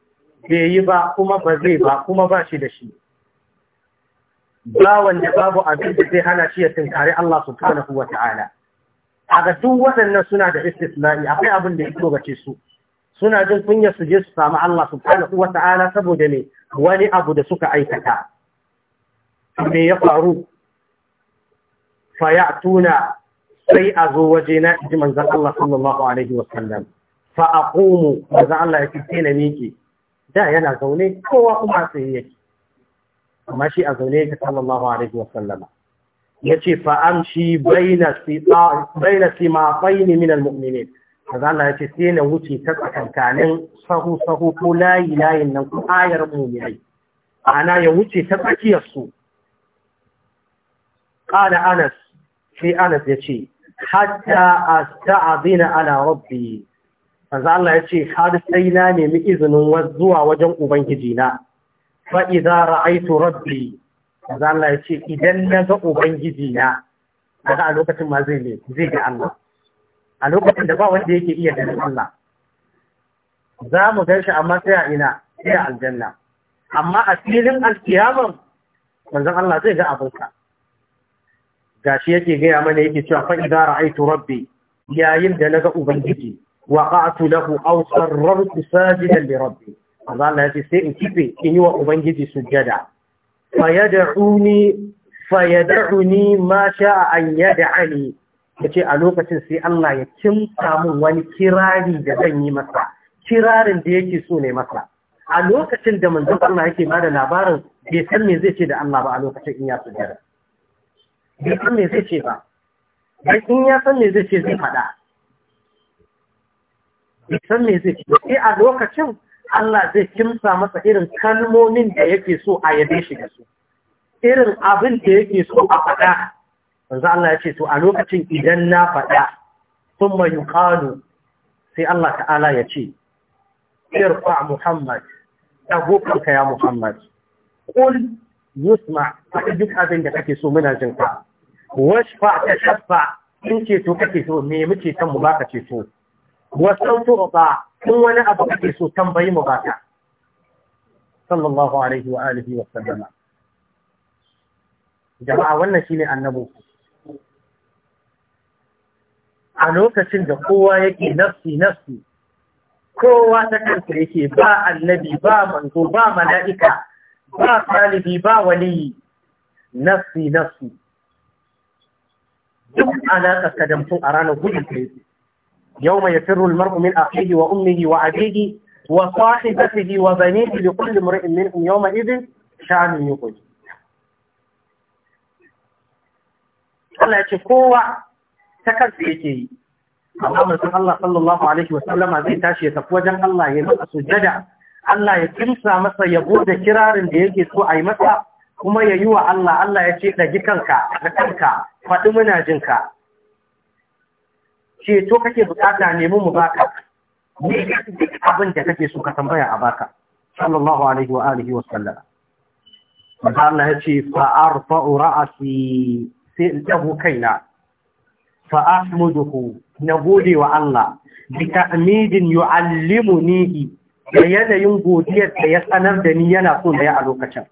bai yi ba kuma ba zai ba kuma ba shi da shi ba wanda babu abin da zai hana shi ya tinkari Allah subhanahu wata'ala Ta'ala. ga duk waɗannan suna da istisna'i akwai abin da ya dogace su suna jin kunya su je su samu Allah subhanahu wa ta'ala saboda ne wani abu da suka aikata me ya faru fa tuna, sai a zo waje na ji manzan Allah sallallahu alaihi wa sallam fa aqumu manzan Allah ya ce na miƙe da yana zaune kowa kuma sai yake amma shi a zaune ya sallallahu alaihi wa sallama yace fa amshi baina sita baina simatain min almu'minin kaza Allah ya ce sai na wuce ta tsakankanin sahu sahu ko layi layin nan ko ayar mu'minai ana ya wuce ta tsakiyar su qala Anas sai Anas ya ce hatta asta'zina ala rabbi kaza Allah ya ce har sai na nemi izinin zuwa wajen ubangiji na fa idza ra'aytu rabbi kaza Allah ya ce idan na ga ubangiji na daga a lokacin ma zai ne zai ga Allah a lokacin da ba wanda yake iya ganin Allah za mu gan shi amma sai a ina sai aljanna amma a filin alkiyaman manzon Allah zai ga abinka gashi yake gaya mana yake cewa fa idza ra'aytu rabbi yayin da naga ubangiji qa'atu lahu aw sarrartu sajidan li rabbi Allah Allah sai in kife in yi wa ubangiji sujada. fa yad'uni fa yad'uni ma sha'a an yad'ani ya ce a lokacin sai Allah ya kimta mun wani kirari da zan yi masa kirarin da yake so ne masa a lokacin da manzon Allah yake bada labarin bai san me zai ce da Allah ba a lokacin in ya sujjada bai san me zai ce ba bai in ya san me zai ce zai faɗa bai san me zai ce sai a lokacin Allah zai kimsa masa irin kalmomin da yake so a yabe shi da su irin abin da yake so a faɗa manzo Allah ya ce to a lokacin idan na faɗa thumma yuqalu sai Allah ta'ala ya ce irfa Muhammad ɗagokanka ya Muhammad qul yusma faɗi duk abin da kake so muna jin ka washfa ta shafa in ceto kake so me muke san mu baka ceto wasan ba kun wani abu kake so tambayi mu baka sallallahu alaihi wa alihi wa sallama jama'a wannan shine annabi a lokacin da kowa yake nafsi nafsi kowa ta kanta yake ba annabi ba manzo ba mala'ika ba talibi ba waliyi nafsi nafsi duk alaƙa ka damto a ranar gudun kai, yau mai yafirul mar'u min akhihi wa ummihi wa abihi wa yi wa kullum li min yau mai izin, idhin sha'anun yuqul Allah ya ce kowa ta kansa yake yi amma mutum Allah sallallahu alaihi wasallama zai tashi ya tafi wajen Allah ya masa sujada Allah ya kimsa masa ya da kirarin da yake so a yi masa kuma ya yi wa Allah Allah ya ce ɗagi kanka da kanka faɗi muna jinka to kake bukata nemi mu baka ne duk abin da kake so ka tambaya a baka sallallahu alaihi wa alihi wa Allah ya ce fa arfa'u ra'asi sai in dago kaina فأحمده na gode wa allah da yanayin godiyar da ya tsanar da ni yana so da ya a lokacin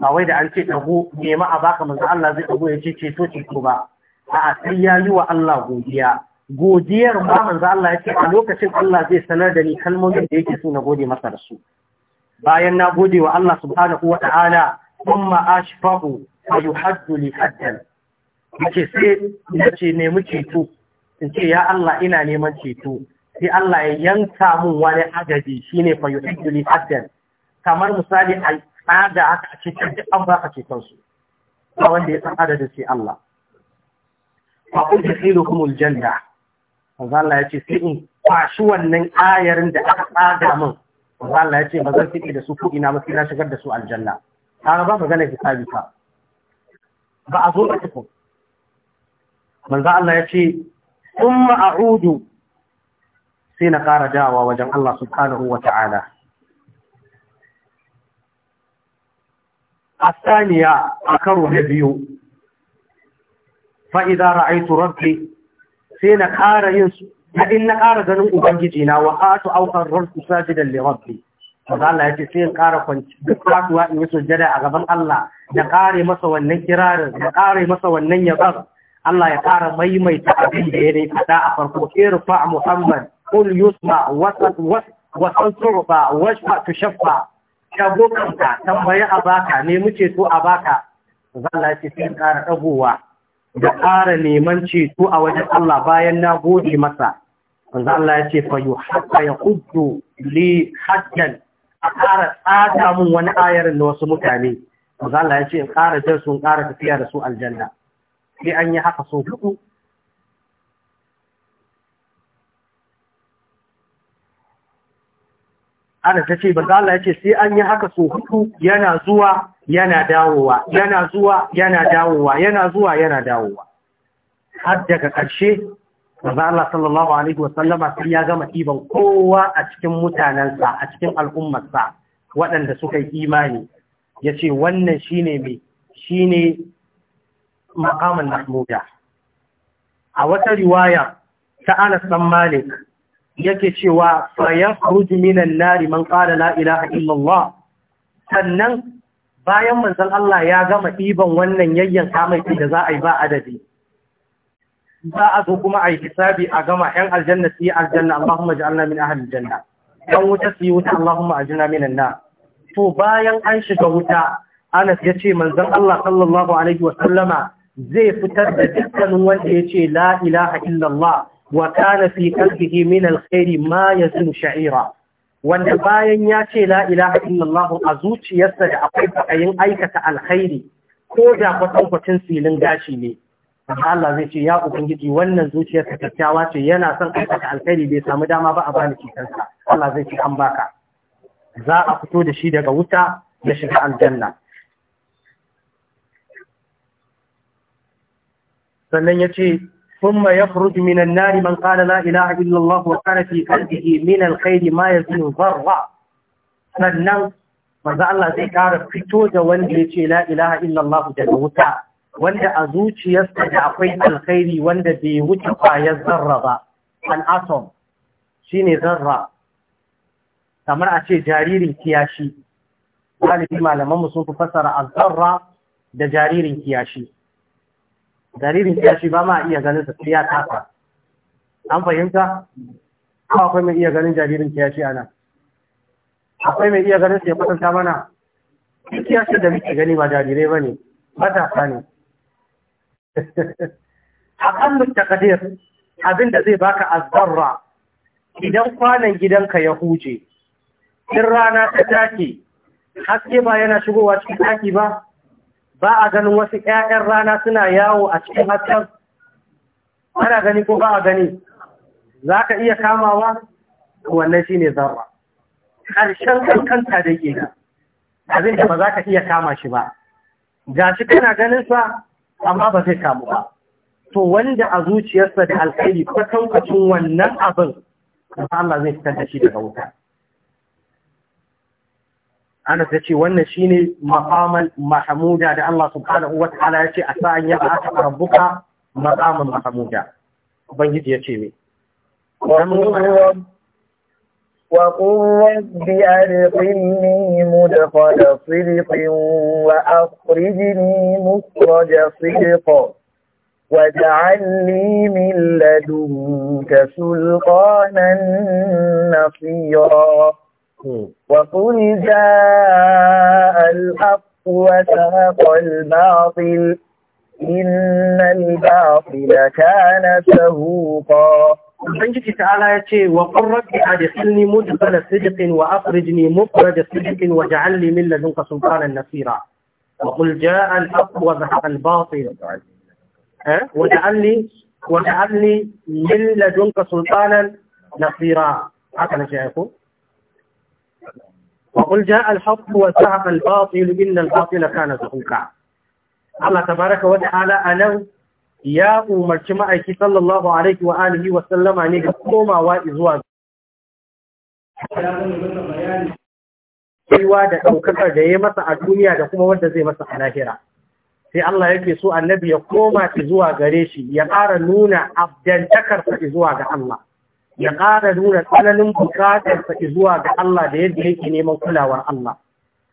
ba wai da an ce ɗago nema a baka manzo Allah zai ɗago ya ce ceto ce ba a'a sai ya yi wa Allah godiya godiyar ba manzo Allah ya ce a lokacin Allah zai sanar da ni kalmomin da yake so na gode masa da su bayan na gode wa Allah subhanahu wa ta'ala kuma ashfa'u fa li haddan nace sai nace nemi ceto in ce ya Allah ina neman ceto sai Allah ya yanka mun wani agaji shine fa yuhidduli hadan kamar misali a tsada haka ce cikin duk an baka ce kansu ba wanda ya san adadin sai Allah fa udkhilukumul janna manzo Allah ya ce sai in kwashi wannan ayarin da aka tsada min manzo Allah ya ce ba zan fice da su ko ina ba sai na shigar da su aljanna kaga ba magana hisabi fa ba a zo ba tukun manzo Allah ya ce umma a'udu sai na ƙara dawa wajen Allah subhanahu wa ta'ala الثانية أكره بيو فإذا رأيت ربي سين قار ينسو فإن قار ذنو أبنجينا وقعت أو قررت ساجدا لربي فقال الله يتي سين قار Allah, وإن يسجد أغبان الله kirarin, مسوى النجرار masa مسوى النجبار Allah ya ƙara maimaita abin da ya dai faɗa a farko irfa Muhammad qul yusma wasan turba washfa tushaffa shago kanka tambaye a baka nemi ceto a baka Zan ce sai ƙara ɗagowa da ƙara neman ceto a wajen Allah bayan na gode masa Zan Allah ya ce fa yuhaqqa yaquddu li hajjan a ƙara tsata mun wani ayarin da wasu mutane Zan Allah ya ce in ƙara jan sun ƙara tafiya da su aljanna sai an yi haka so hudu ana ta ce banza ya ce sai an yi haka so hudu yana zuwa yana dawowa yana zuwa yana dawowa yana zuwa yana dawowa har daga ƙarshe banza Allah sallallahu alaihi wasallama sai ya gama ɗiban kowa a cikin mutanensa a cikin al'ummarsa waɗanda suka yi imani ya ce wannan shine mai shi ne. maqaman mahmuda a wata riwaya ta Anas bin Malik yake cewa fayakhruju minan nari man qala la ilaha illallah sannan bayan manzon Allah ya gama ɗiban wannan yayyan kamai da za a yi ba adadi za a zo kuma a yi hisabi a gama ‘yan aljanna su yi aljanna Allahumma ji'alna min ahalin janna ‘yan wuta su yi wuta Allahumma ajina min na to bayan an shiga wuta Anas ya ce manzon Allah sallallahu alaihi wa sallama zai fitar da dukkanin wanda ya ce la ilaha illallah wa kana fi qalbihi min alkhairi ma yazun sha'ira wanda bayan ya ce la ilaha illallah a zuciyarsa da akwai fa'ayin aikata alkhairi ko da kwatankwacin silin gashi ne Allah zai ce ya ubangiji wannan ta kyakkyawa ce yana son aikata alkhairi bai samu dama ba a bani cikinsa Allah zai ce an baka za a fito da shi daga wuta ya shiga aljanna sannan ya ce ثم يخرج من النار من قال لا إله إلا الله وكان في قلبه من الخير ما يزن sannan manzo Allah zai ƙara fito da wanda ya ce la ilaha illallah daga wuta wanda a zuciyarsa da akwai alkhairi wanda bai wuce kwayar zarra ba an atom shine zarra kamar a ce jaririn kiyashi galibi malaman mu sun fi fassara zarra da jaririn kiyashi jaririn kiyashi ba ma iya ganin sa ya tafa an fahimta ko akwai mai iya ganin jaririn kiyashi a nan akwai mai iya ganin sa ya kwatanta mana shi da muke gani ba jarirai ba ne matasa ne akan [LAUGHS] mutakadir abin da zai baka azzarra idan kwanan gidanka ya huje in rana ta take haske ba yana shigowa cikin ɗaki ba ba a ganin wasu ƴaƴan rana suna yawo a cikin hasken ana gani ko ba a gani za ka iya kamawa wannan shi ne zarra ƙarshen kankanta da ke da abin da ba za ka iya kama shi ba ga shi kana ganin sa amma ba zai kamu ba to wanda a zuciyarsa da alkhairi kankacin wannan abin Allah zai fitar da shi daga wuta ana ta ce wannan shine makaman mahmuda da Allah subhanahu wa Ala ya ce sa'an ya aka rabbuka maqaman mahmuda ubangiji ya ce me وقل رب أدخلني مدخل صدق وأخرجني مخرج صدق واجعل لي من لدنك سلطانا نصيرا وقل جاء الحق وسهق الباطل إن الباطل كان سهوقا Ubangiji ta'ala ya ce wa qurrati adkhilni mudkhala sidqin wa akhrijni mukhraj sidqin wa ja'al li min ladunka sultanan nasira wa qul jaa al-haqq wa zahaqa al-batil wa ja'al li wa ja'al li min ladunka sultanan nasira haka ne ko وقل جاء الحق وزهق الباطل إن الباطل كان زهوكا Allah تبارك وتعالى ta'ala anan ya umarci ma'aiki sallallahu alaihi wa وسلم عنه قوما ne ga Cewa da ɗaukakar da ya masa a duniya da kuma wanda zai masa a lahira. Sai Allah yake so annabi ya koma zuwa gare shi ya ƙara nuna abdantakarsa zuwa ga Allah. ya ƙara nuna tsananin bukatarsa zuwa ga Allah da yadda yake neman kulawar Allah.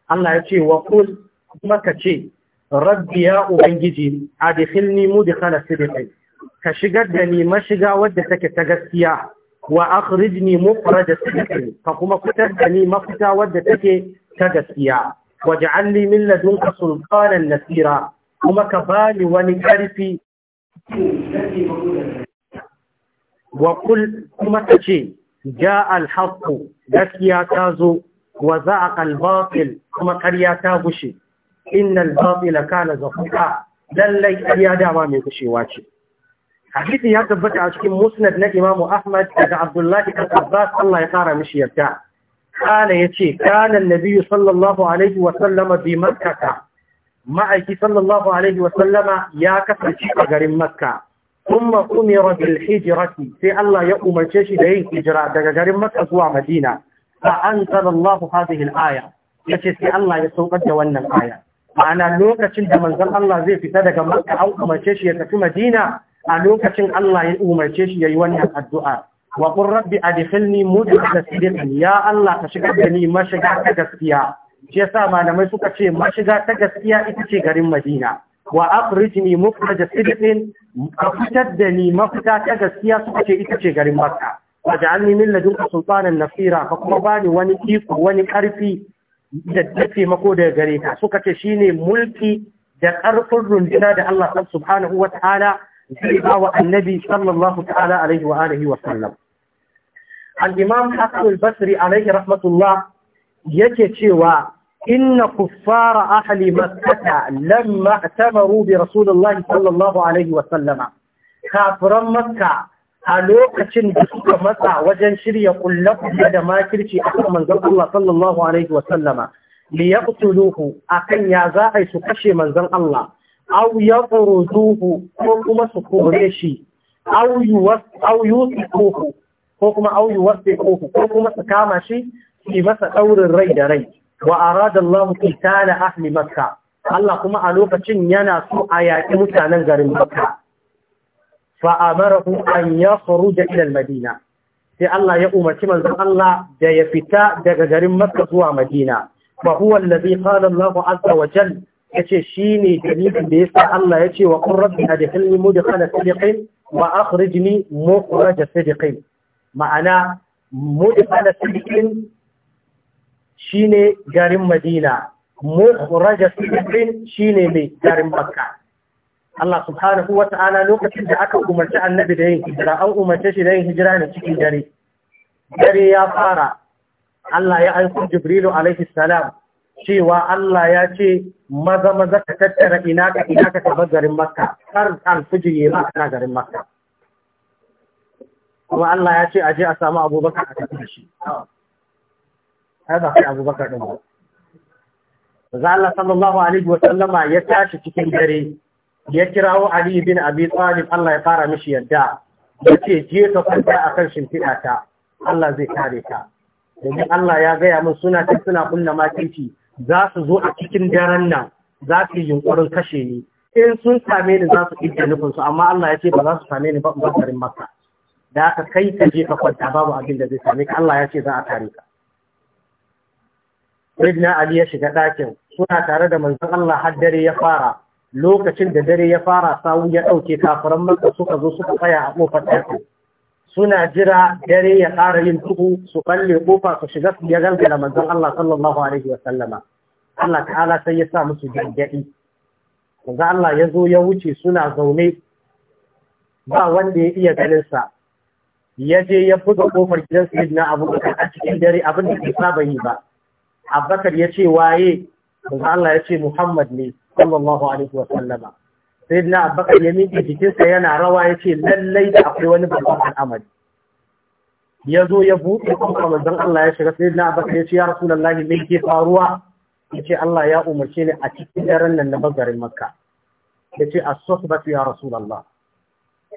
Allah ya ce wa kul kuma ka ce, Rabbi ya Ubangiji, a difilni mu da kala sirikai, ka shigar da ni mashiga wadda take ta gaskiya, wa akhrijni mufra da sirikai, ka kuma fitar da ni mafita wadda take ta gaskiya. Wa ja'alni min ladunka sultanan nasira, kuma ka bani wani ƙarfi. wa kul kuma ta ce ja alhaqqu gaskiya ta zo wa za a batil kuma ƙarya ta gushe innal batila kana zafuka lallai karya dama mai gushewa ce hadisi ya tabbata a cikin musnad na imamu ahmad daga abdullahi ɗan abbas allah ya kara mishi yarda kana ya ce kana nabiyu sallallahu alaihi wa sallama bi makkata ma'aiki sallallahu alaihi wa sallama ya kasance a garin makka kuma umira bil hijrati sai Allah ya umarce shi da yin hijira daga garin Makka zuwa Madina fa anzala Allah hadhihi al-aya yace sai Allah ya saukar da wannan aya ma'ana lokacin da manzon Allah zai fita daga Makka an umarce shi ya tafi Madina a lokacin Allah ya umarce shi yayi wannan addu'a wa qur rabbi adkhilni mudkhal sidqin ya Allah ka shigar da ni mashiga ta gaskiya shi yasa malamai suka ce mashiga ta gaskiya ita ce garin Madina wa akhrijni mukhraj sidqin ka da ni mafita ta gaskiya suka ce ita ce garin makka waj'alni min ladunka sultanan nasira ka kuma bani wani iko wani karfi da take mako daga gare ka suka ce shine mulki da karfin runduna da Allah subhanahu wa ta'ala zai ba wa annabi sallallahu ta'ala alaihi wa alihi wa sallam al-imam hasan al-basri alaihi rahmatullah yake cewa إن كفار أهل مكة لما اعتبروا برسول الله صلى الله عليه وسلم كافر مكة ألوكة بسوك مكة وجن شري قل لكم هذا ما كرشي أكثر من ذلك الله صلى الله عليه وسلم ليقتلوه أكن يزاعي سكشي من ذلك الله أو يطردوه كما سكوريشي أو يوثقوه كما أو يوثقوه كما سكامشي في مسا أور الري دا ري wa aradallahu Allah qitala ahli makka Allah kuma a lokacin yana so a yaƙi mutanen garin makka fa amarahu an yakhruja ila al-madina sai Allah ya umarci manzon Allah da ya fita daga garin makka zuwa madina fa huwa alladhi qala Allah azza wa jalla yace shine dalilin da yasa Allah yace wa qur rabbi adkhilni mudkhala sidiqin wa akhrijni mukhraja sidiqin ma'ana mudkhala sidiqin shine garin Madina mukhrajat sifrin shine mai garin Makka Allah subhanahu wa ta'ala lokacin da aka umarci annabi da yin hijira an umarce shi da yin hijira ne cikin dare dare ya fara Allah ya aiko Jibrilu alaihi salam cewa Allah ya ce maza maza ka tattara ina ka ina ka taɓa garin Makka kar alfiji yi ma kana garin Makka kuma Allah ya ce aje a samu Abubakar a tafi da shi ai ba kai abubakar ɗin ba za Allah sallallahu alaihi wa sallama ya tashi cikin dare ya kirawo Ali bin Abi Talib Allah ya fara mishi yadda ya ce je ka kwanta akan shimfiɗa ta Allah zai kare ka domin Allah ya gaya min suna ta suna kunna makici za su zo a cikin daren nan za su yi yunkurin kashe ni in sun same ni za su ɗinke nufinsu amma Allah ya ce ba za su same ni ba in garin Makka da aka kai ka je ka kwanta babu abin da zai same ka Allah ya ce za a kare ka Sayyidina Ali ya shiga ɗakin suna tare da manzon Allah har dare ya fara lokacin da dare ya fara sawu ya ɗauke kafiran Makka suka zo suka tsaya a ƙofar ɗakin suna jira dare ya ƙara yin tuhu su kalle ƙofa su shiga su ya galgala manzon Allah sallallahu alaihi wa sallama Allah ta'ala sai ya sa musu gargaɗi manzo Allah ya zo ya wuce suna zaune ba wanda ya iya ganin sa ya je ya buga ƙofar gidan Sayyidina Bakar a cikin dare abin da bai saba yi ba Abubakar ya ce waye manzo Allah ya ce Muhammad ne sallallahu alaihi wa sallama sai na Abubakar ya miƙe jikinsa yana rawa ya ce lallai da akwai wani babban al'amari ya zo ya buɗe kuma manzon Allah ya shiga sai na Abubakar ya ce ya Rasulullahi me ke faruwa ya ce Allah ya umarce ni a cikin daren nan na bazarin Makka ya ce as-suhbatu ya Rasulullah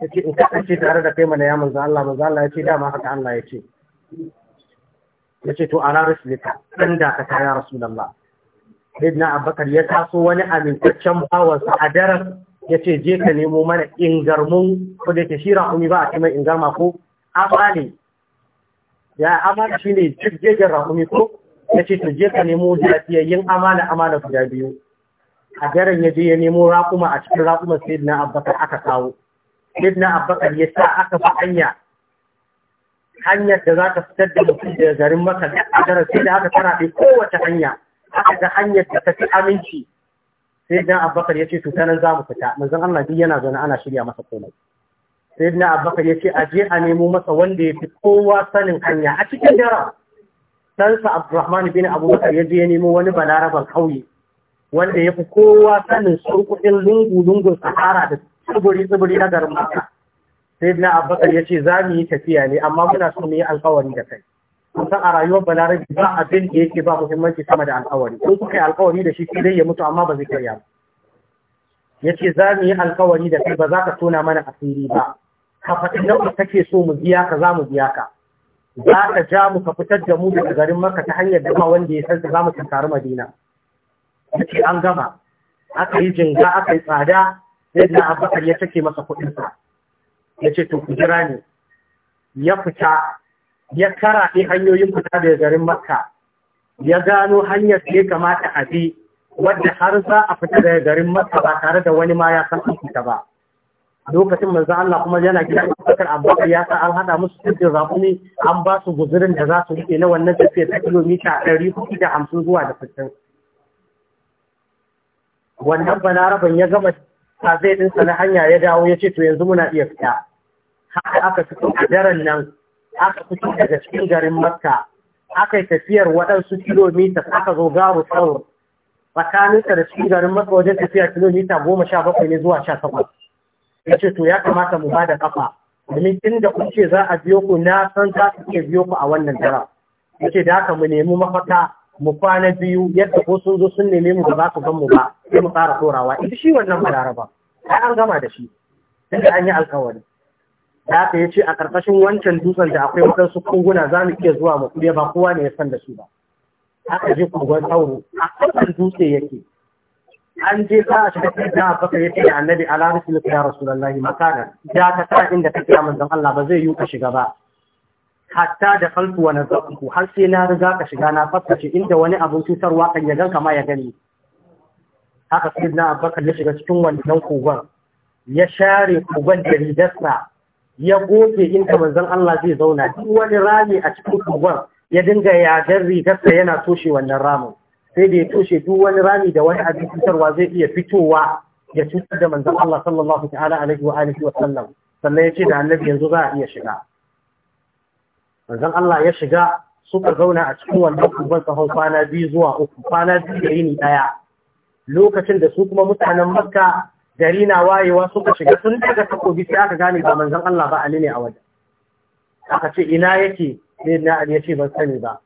ya ce in kasance tare da kai mana ya manzo Allah manzo Allah ya ce dama haka Allah ya ce ya ce to ala rasulika ɗan dakata ya rasulallah na abakar ya taso wani amintaccen bawansa a daren ya ce je ka nemo mana ingarmun ko da ke shi umi ba a ce mai ingarma ko amale ya amala shi ne duk jejen rahumi ko ya ce to je ka nemo lafiyayyen amana su guda biyu a daren ya je ya nemo raƙuma a cikin raƙuma na abakar aka kawo na abakar ya sa aka ba hanya hanyar da za ka fitar da mutum daga garin maka da darasi sai da aka tara ɗai kowace hanya aka ga hanyar da ta fi aminci sai dan abubakar ya ce to ta nan za mu fita manzon Allah duk yana zaune ana shirya masa komai sai dan abubakar ya ce a je a nemo masa wanda ya fi kowa sanin hanya a cikin dara ɗansa Abdurrahman bin Abubakar ya je ya nemo wani balaraban kauye wanda ya fi kowa sanin surkuɗin lungu-lungun sahara da tsibiri-tsibiri na garin Makka. sai na abbakar ya ce za mu yi tafiya ne amma muna so mu yi alkawari da kai kusan a rayuwar balarabi ba abin da yake ba muhimmanci sama da alkawari ko kuka yi alkawari da shi sai dai ya mutu amma ba zai karya ba ya ce za mu yi alkawari da kai ba za ka tona mana asiri ba ka faɗi nau'i kake so mu biya ka za mu biya ka za ka ja mu ka fitar da mu daga garin maka ta hanyar da wanda ya san za mu tunkari madina ya ce an gama aka yi jinga aka yi tsada sai da abubakar ya take masa kuɗinsa ya ce to ku jira ne ya fita ya karaɗe hanyoyin fita da garin makka ya gano hanyar da ya kamata a bi wadda har za a fita da garin makka ba tare da wani ma ya san an fita ba lokacin manzo Allah kuma yana kira Abubakar Abubakar ya sa an hada musu cikin rakumi an ba su guzurin da za su rike na wannan tafiya ta kilomita 450 zuwa da 60 wannan balaraban ya gama zai dinsa na hanya ya dawo ya ce to yanzu muna iya fita haka aka fito a daren nan aka fito daga cikin garin makka aka yi tafiyar waɗansu kilomita aka zo garu tsaur tsakaninsa da cikin garin makka wajen tafiya kilomita goma sha bakwai ne zuwa sha takwas ya ce to ya kamata mu ba da kafa domin tun da ku ce za a biyo ku na san za su iya biyo ku a wannan dara ya ce da haka mu nemi mafaka mu kwana biyu yadda ko sun zo sun neme mu ba za su gan mu ba sai mu ƙara ɗorawa ita shi wannan balaraba ai an gama da shi tun da an yi alkawari da aka ya ce a ƙarƙashin wancan dutsen da akwai su kunguna za mu iya zuwa mu kuɗe ba kowa ne ya san da su ba aka je kogon sauro a ƙasan dutse yake an je ta a shiga cikin da baka ya ce annabi ala rasul ya rasulullahi makana da ka ta inda kake ya don Allah ba zai yi ka shiga ba hatta da faltu wani nazaku har sai na riga ka shiga na fattace inda wani abin cutarwa kan ya ganka ma ya gani haka sai na abakar ya shiga cikin wannan kogon ya share kogon da ridarsa ya goge inda manzon Allah zai zauna duk wani rami a cikin kubban ya dinga yagar rigarsa yana toshe wannan ramin sai da ya toshe duk wani rami da wani abin cutarwa zai iya fitowa ya cutar da manzon Allah sallallahu ta'ala alaihi wa alihi wa sallam sannan ya ce da annabi yanzu za a iya shiga manzon Allah ya shiga suka zauna a cikin wannan kubban sahau kwana biyu zuwa uku kwana biyu da yini ɗaya, lokacin da su kuma mutanen Makka gari na wayewa suka shiga sun daga takobi sai aka gane ba manzan Allah ba Ali ne a wajen aka ce ina yake sai na Ali ce ban sani ba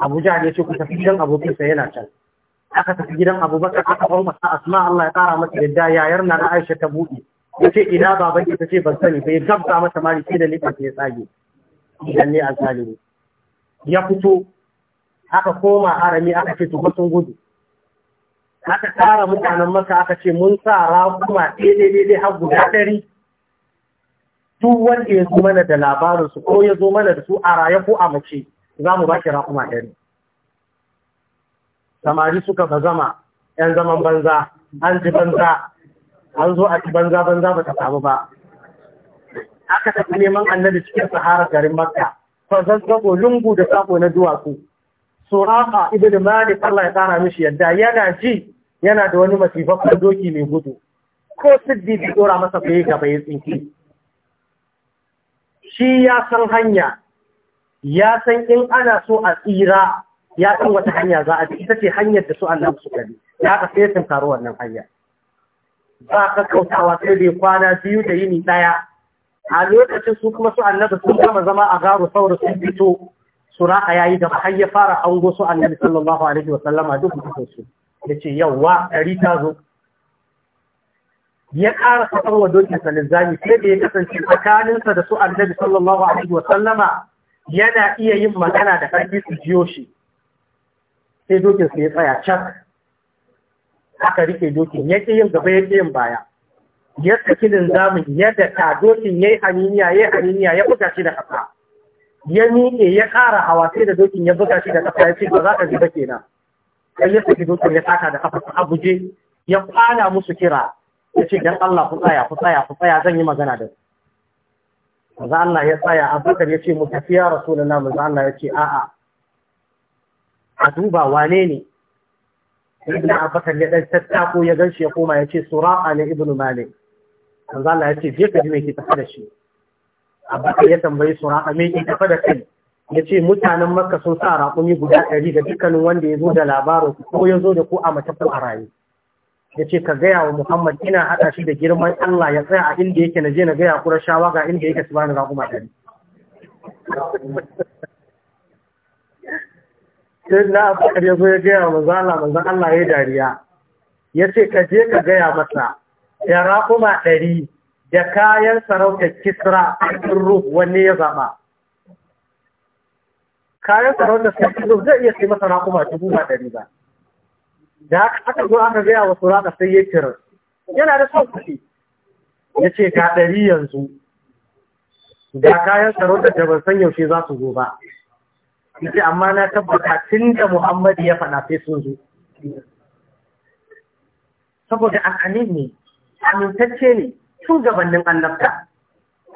Abuja ne ce ku tafi gidan abokinsa yana can aka tafi gidan Abubakar kafa kawo masa Asma Allah ya kara masa yadda yayar na na Aisha ta buɗe ya ce ina baban ita ce ban sani bai gabta mata mari sai da lifin ya tsage idan ne alƙalimi ya fito aka koma arami aka ce to sun gudu aka tara mutanen maka aka ce mun sa raƙuma daidai har guda ɗari duk wanda ya zo mana da labarinsu ko ya zo mana da su a raye ko a mace za mu ba ki raƙuma ɗari samari suka ba zama ‘yan zaman banza an ji banza an zo a ci banza banza ba ta samu ba aka tafi neman annabi cikin sahara garin makka zago lungu da sako na duwatsu suraka ibn malik Allah ya tsara mishi yadda yana ji yana da wani masifafar doki mai gudu ko siddi bi dora masa bai gaba ya tsinki shi ya san hanya ya san in ana so a tsira ya san wata hanya za a ita ce hanyar da su Allah su gani ya ka sai sun karo wannan hanya ba ka kautawa sai dai kwana biyu da yini daya a lokacin su kuma su annabi sun gama zama a garu saurin sun fito su a yayi da har ya fara ango su annabi sallallahu alaihi wa duk su ya ce yawwa ɗari ta zo ya ƙara kasar wa dokin salizami sai da ya kasance tsakaninsa da su annabi sallallahu alaihi wa sallama yana iya yin magana da ƙarfi su jiyo shi sai dokin ya tsaya cak aka rike dokin ya yin gaba ya yin baya ya saki linzamin yadda ta dokin ya yi haniniya ya yi haniniya ya buga shi da ƙasa ya miƙe ya ƙara hawa sai da dokin ya buga shi da ƙasa ya ce ba za ka ji ba kenan sai ya saki dutsen ya taka da kafa a guje ya kwana musu kira ya ce dan Allah ku tsaya ku tsaya ku tsaya zan yi magana da ku manzo Allah ya tsaya Abubakar ya ce mu tafiya Rasulullah manzo Allah ya ce a'a a duba wane ne ibn Abubakar ya dan tattako ya ganshi ya koma ya ce Sura'a ne ibn Malik manzo Allah ya ce je ka ji me ke tafa da shi Abubakar ya tambayi Sura'a me ke tafa da kai ya ce mutanen makka sun sa raƙumi guda ɗari ga dukkanin wanda ya zo da labarin ko ya zo da ko a mace ko a raye ya ce ka gaya wa muhammad ina haɗa shi da girman allah ya tsaya a inda yake na je na gaya kura shawa ga inda yake su bani raƙuma ɗari sai na abubakar ya zo ya gaya wa manzala manzan allah ya dariya ya ce ka je ka gaya masa ya raƙuma ɗari da kayan sarauta kisra a ruhu wanne ya zaɓa kayan tsaron da suka zai iya sai masa raƙuma dubu ba ɗari ba da haka aka zo aka gaya wa suraka sai ya kira yana da son kuɗi ya ce ga ɗari yanzu da kayan tsaron da ban san yaushe za su zo ba yace amma na tabbata tun da Muhammadu ya faɗa sai sun zo saboda al'anin ne amintacce ne shugabannin annabta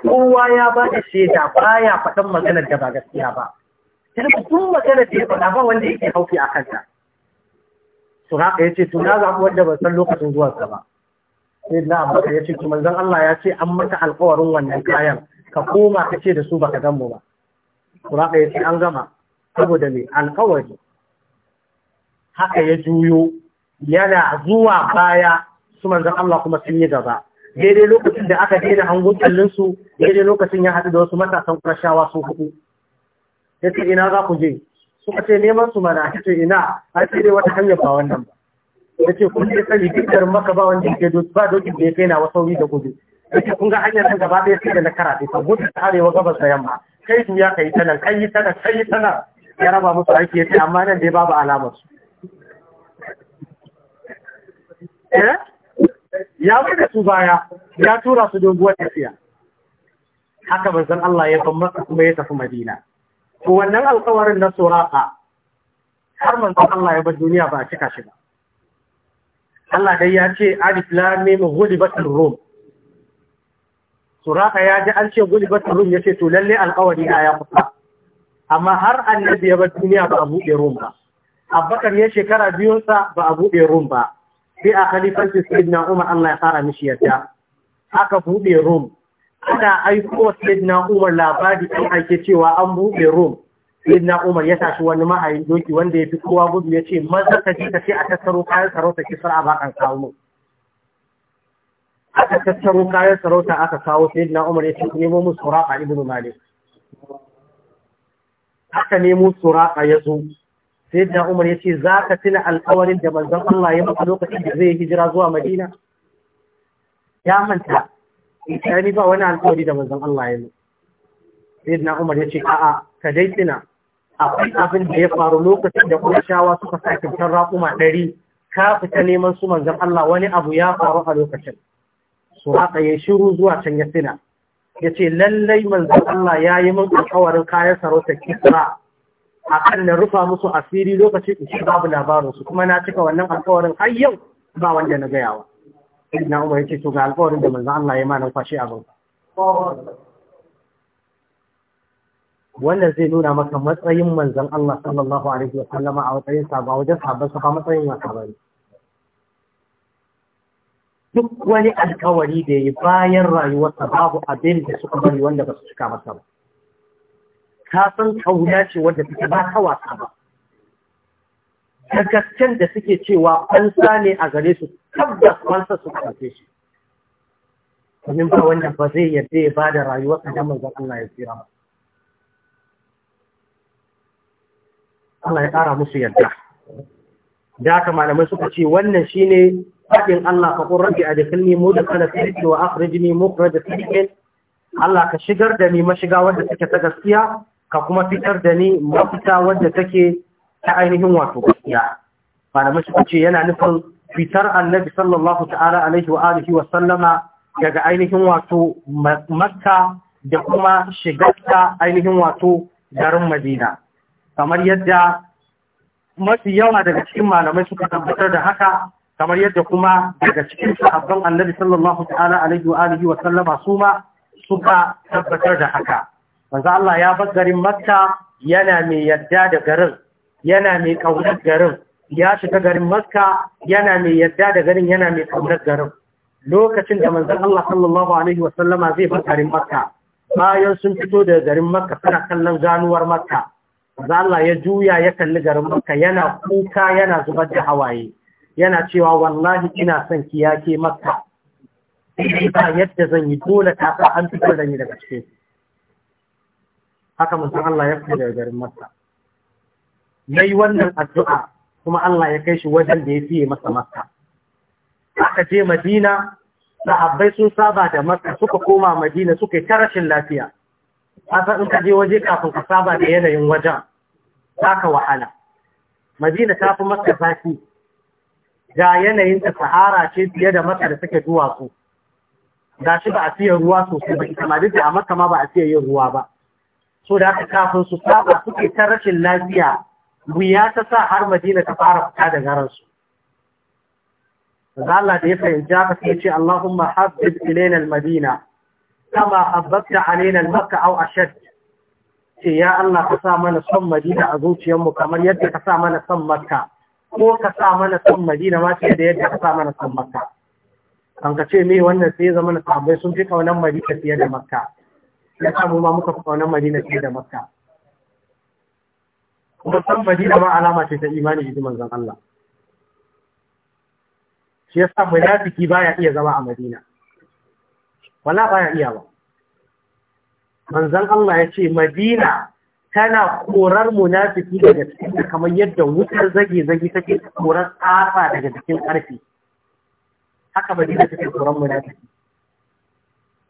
kowa ya ba da shaida baya faɗan maganar da ba gaskiya ba kirka tun magana da ya faɗa ba wanda yake haufi a kanta Su haka ya ce to na zaɓi wanda ban san lokacin zuwansa ba sai na abubakar ya ce to manzon Allah ya ce an maka alƙawarin wannan kayan ka koma ka ce da su baka gan mu ba Su haka ya ce an gama saboda me alƙawari haka ya juyo yana zuwa baya su manzon Allah kuma sun yi gaba daidai lokacin da aka daina hangun kallon daidai lokacin ya haɗu da wasu matasan kurashawa sun hudu ya ce ina za ku je suka ce neman su mana ta ce ina a ce dai wata hanyar ba wannan ba ya ce kun je sani dukkan maka ba wanda ke ba dokin da ya kai na wasu da gudu ya ce kun ga hanyar ta gaba ɗaya sai da na karaɗe ta gudu ta arewa gabas da yamma kai su ya kai ta nan kai yi ta nan kai yi ta nan ya raba musu aiki ya ce amma nan dai babu alamar su. Eh? ya mai da su baya ya tura su don guwa tafiya haka manzon Allah ya ban masa kuma ya tafi Madina to wannan alkawarin na suraka har manzo Allah ya bar duniya ba a cika shi ba Allah dai ya ce alif lam mim ar rum suraka ya ji an ce ar rum yace to lalle alkawari na ya kusa amma har annabi ya bar duniya ba a buɗe rum ba abbakar ya shekara biyunsa ba a buɗe rum ba sai a khalifansu sayyidina umar Allah ya fara mishi yadda aka buɗe rum ana aiko wa Sayyidina Umar labari an ake cewa an buɗe Rome. Sayyidina Umar ya tashi wani mahayin doki wanda ya fi kowa gudu ya ce maza ka ji ka ce a tattaro kayan sarauta ki sar'a ba kan kawo Aka tattaro kayan sarauta aka kawo Sayyidina Umar ya ce ku nemo mu a ibn Malik. Aka nemo Suraqa ya zo. Sayyidina Umar ya ce za ka tuna alƙawarin da manzon Allah ya maka lokacin da zai hijira zuwa Madina. Ya manta ita ni ba wani alkawari da manzon Allah ya yi Sai da Umar ya ce a'a ka dai tuna akwai abin da ya faru lokacin da shawa suka sa kintar raƙuma ɗari ka fita neman su manzon Allah wani abu ya faru a lokacin su haka ya shiru zuwa can ya tuna ya ce lallai manzan Allah ya yi min alkawarin kayan sarauta kisra a kan na rufa musu asiri lokacin in shi babu labarinsu kuma na cika wannan alkawarin har yau ba wanda na gayawa. sai na umar yace to ga alƙawarin da manzon Allah ya ma nan kwashi abin wannan zai nuna maka matsayin manzon Allah sallallahu alaihi wa sallama a matsayin sahaba wajen sahabban sa matsayin wasaba duk wani alƙawari da yi bayan rayuwarsa babu abin da suka bari wanda ba su cika masa ba ka san kauna ce wadda take ba ta wasa ba da gasken da suke cewa an sane a gare su tabbas wansa su ɗauke shi domin ba wannan ba zai yadda ya bada rayuwar ka dan manzon Allah ya tsira ba Allah ya ƙara musu yadda da haka malamai suka ce wannan shine faɗin Allah ka kun a da mudkhala sidqi wa kura da sidqi Allah ka shigar da ni mashiga wadda take ta gaskiya ka kuma fitar da ni mafita wanda take ta ainihin wato gaskiya malamai suka ce yana nufin fitar annabi sallallahu ta'ala alaihi wa alihi wa sallama daga ainihin wato makka da kuma shigarta ainihin wato garin madina kamar yadda mafi yawa daga cikin malamai suka tabbatar da haka kamar yadda kuma daga cikin sahabban annabi sallallahu ta'ala alaihi wa alihi wa sallama su ma suka tabbatar da haka manzo Allah ya bar garin makka yana mai yadda da garin yana mai kaunar garin ya shiga garin makka yana mai yadda da garin yana mai kaunar garin lokacin da manzan Allah sallallahu alaihi wasallama zai bar garin makka bayan sun fito da garin makka suna kallon ganuwar makka za Allah ya juya ya kalli garin makka yana kuka yana zubar da hawaye yana cewa wallahi ina son ki ke makka ba yadda zan yi dole ta sa an fito da ni daga cikin haka manzan Allah ya fito daga garin makka yayi wannan addu'a kuma Allah ya kai shi wajen da ya fiye masa maka. Aka je Madina, sahabbai sun saba da maka suka koma Madina suka yi ta rashin lafiya. Asa in ka je waje kafin ka saba da yanayin wajen, za ka wahala. Madina ta fi maka zafi, ga yanayin ta sahara ce fiye da maka da suke duwatsu. Ga shi ba a fiye ruwa sosai ba, ita ma da a maka ma ba a fiye yin ruwa ba. So da aka kafin su saba suke ta rashin lafiya wuya ta sa har madina ta fara fita da garansu da Allah da ya fahimci haka sai ce Allahumma habbib ilayna madina kama habbabta alaina al-makka aw ashad ce ya Allah ka sa mana son madina a zuciyarmu kamar yadda ka sa mana son makka ko ka sa mana son madina ma fiye da yadda ka sa mana son makka kan ka ce me wannan sai zama na sahabbai sun fi kaunan madina fiye da makka ya samu ma muka fi kaunan madina fiye da makka kuma san Madina ma alama ce ta imani da manzon Allah shi yasa munafiki baya iya zama a Madina wala baya iya ba manzon Allah ya ce Madina tana korar munafiki daga cikin kamar yadda wutar zage zage take korar tsafa daga cikin ƙarfi haka Madina take korar munafiki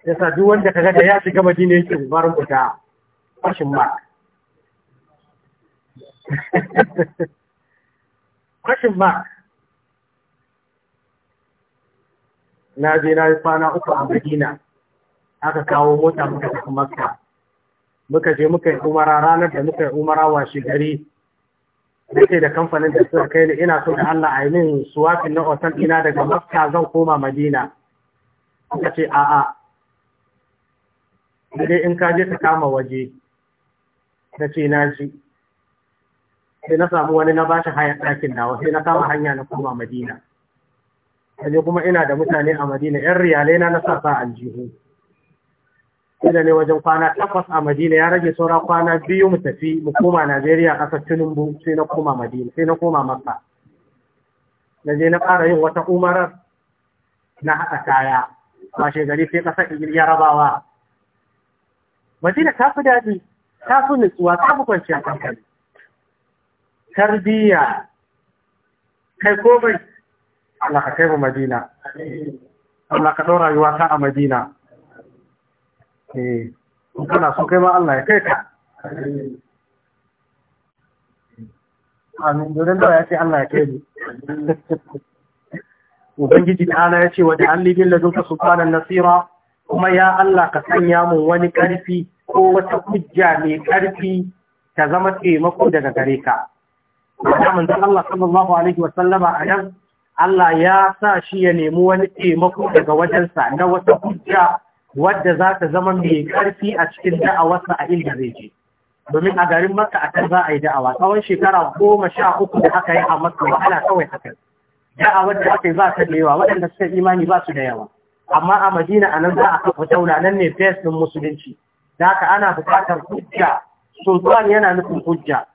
yasa duk wanda kaga da ya shiga Madina yake barin fita fashin mark Question mark. Na je na yi kwana uku a Madina, aka kawo mota muka tafi Makka. Muka je muka yi umara ranar da muka yi umara washe gari. Nake da kamfanin da suka kai ni ina so da Allah a yi min suwafin na otal ina daga Makka zan koma Madina. Muka ce a'a. Sai in ka je ka kama waje. Na ce na ji. sai na samu wani na bashi hayan ɗakin nawa sai na kama hanya na koma madina kaje kuma ina da mutane a madina yan riyalai na na sa sa aljihu ina ne wajen kwana takwas a madina ya rage saura kwana biyu mu tafi mu koma najeriya ƙasar tinubu sai na koma madina sai na koma masa na je na ƙara yin wata umarar na haɗa kaya ba gari sai ƙasar rabawa. madina ta fi daɗi ta fi nutsuwa ta fi kwanciyar hankali tarbiyya kai ko bai Allah ka kai mu Madina Allah ka ɗora rayuwa ta a Madina eh kana so kai ma Allah ya kai ka amin don da ya ce Allah ya kai mu [LAUGHS] Ubangiji ta'ala ya ce wa ja'alli ladunka sultanan nasira kuma ya Allah ka sanya mun wani ƙarfi ko wata hujja mai ƙarfi ta zama taimako daga gare ka da manzon Allah sallallahu alaihi wa sallama a nan Allah ya sa shi ya nemi wani taimako daga wajensa na wata hujja wadda za ta zama mai ƙarfi a cikin da'awarsa a inda zai je domin a garin Makka akan za a yi da'awa tsawon shekara goma sha uku da aka yi a Makka ana kawai haka da'awar da aka yi ta da yawa waɗanda suka imani ba su da yawa amma a Madina anan za a kafa tauna nan ne fes din musulunci da haka ana buƙatar hujja sultan yana nufin hujja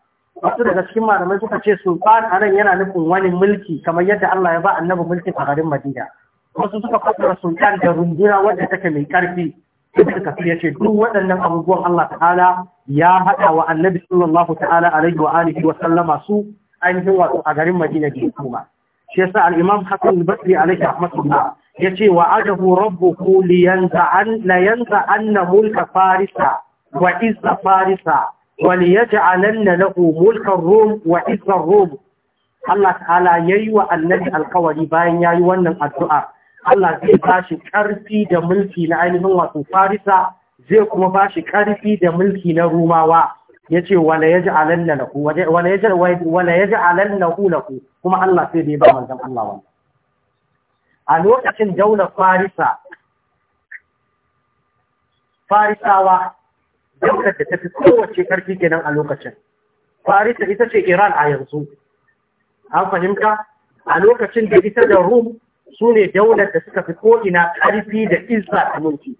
wasu daga cikin malamai suka ce sultan a yana nufin wani mulki kamar yadda Allah ya ba annabi mulki a garin Madina wasu suka fassara sultan da runduna wadda take mai karfi ibn kafir ya ce duk waɗannan abubuwan Allah ta'ala ya haɗa wa annabi sallallahu ta'ala alaihi wa alihi wa sallama su ainihin wato a garin Madina da kuma shi yasa al-imam Hassan al-Basri alaihi rahmatullah ya ce wa ajabu Rabbu li an la yanza anna mulka farisa wa izza farisa وليجعلن له ملك الروم وعز الروم Allah ta'ala yayi wa annabi alkawari bayan yayi wannan addu'a Allah zai bashi ƙarfi da mulki na ainihin wato Farisa zai kuma bashi ƙarfi da mulki na Rumawa yace wala yaj'alanna lahu wala yaj'al wala yaj'alanna lahu kuma Allah sai bai ba manzon Allah wannan a lokacin daular Farisa Farisawa daular da ta fi kowace karfi kenan a lokacin farisa ita ce iran a yanzu an fahimta a lokacin da ita da rum su ne daular da suka fi ko'ina karfi da izza a mulki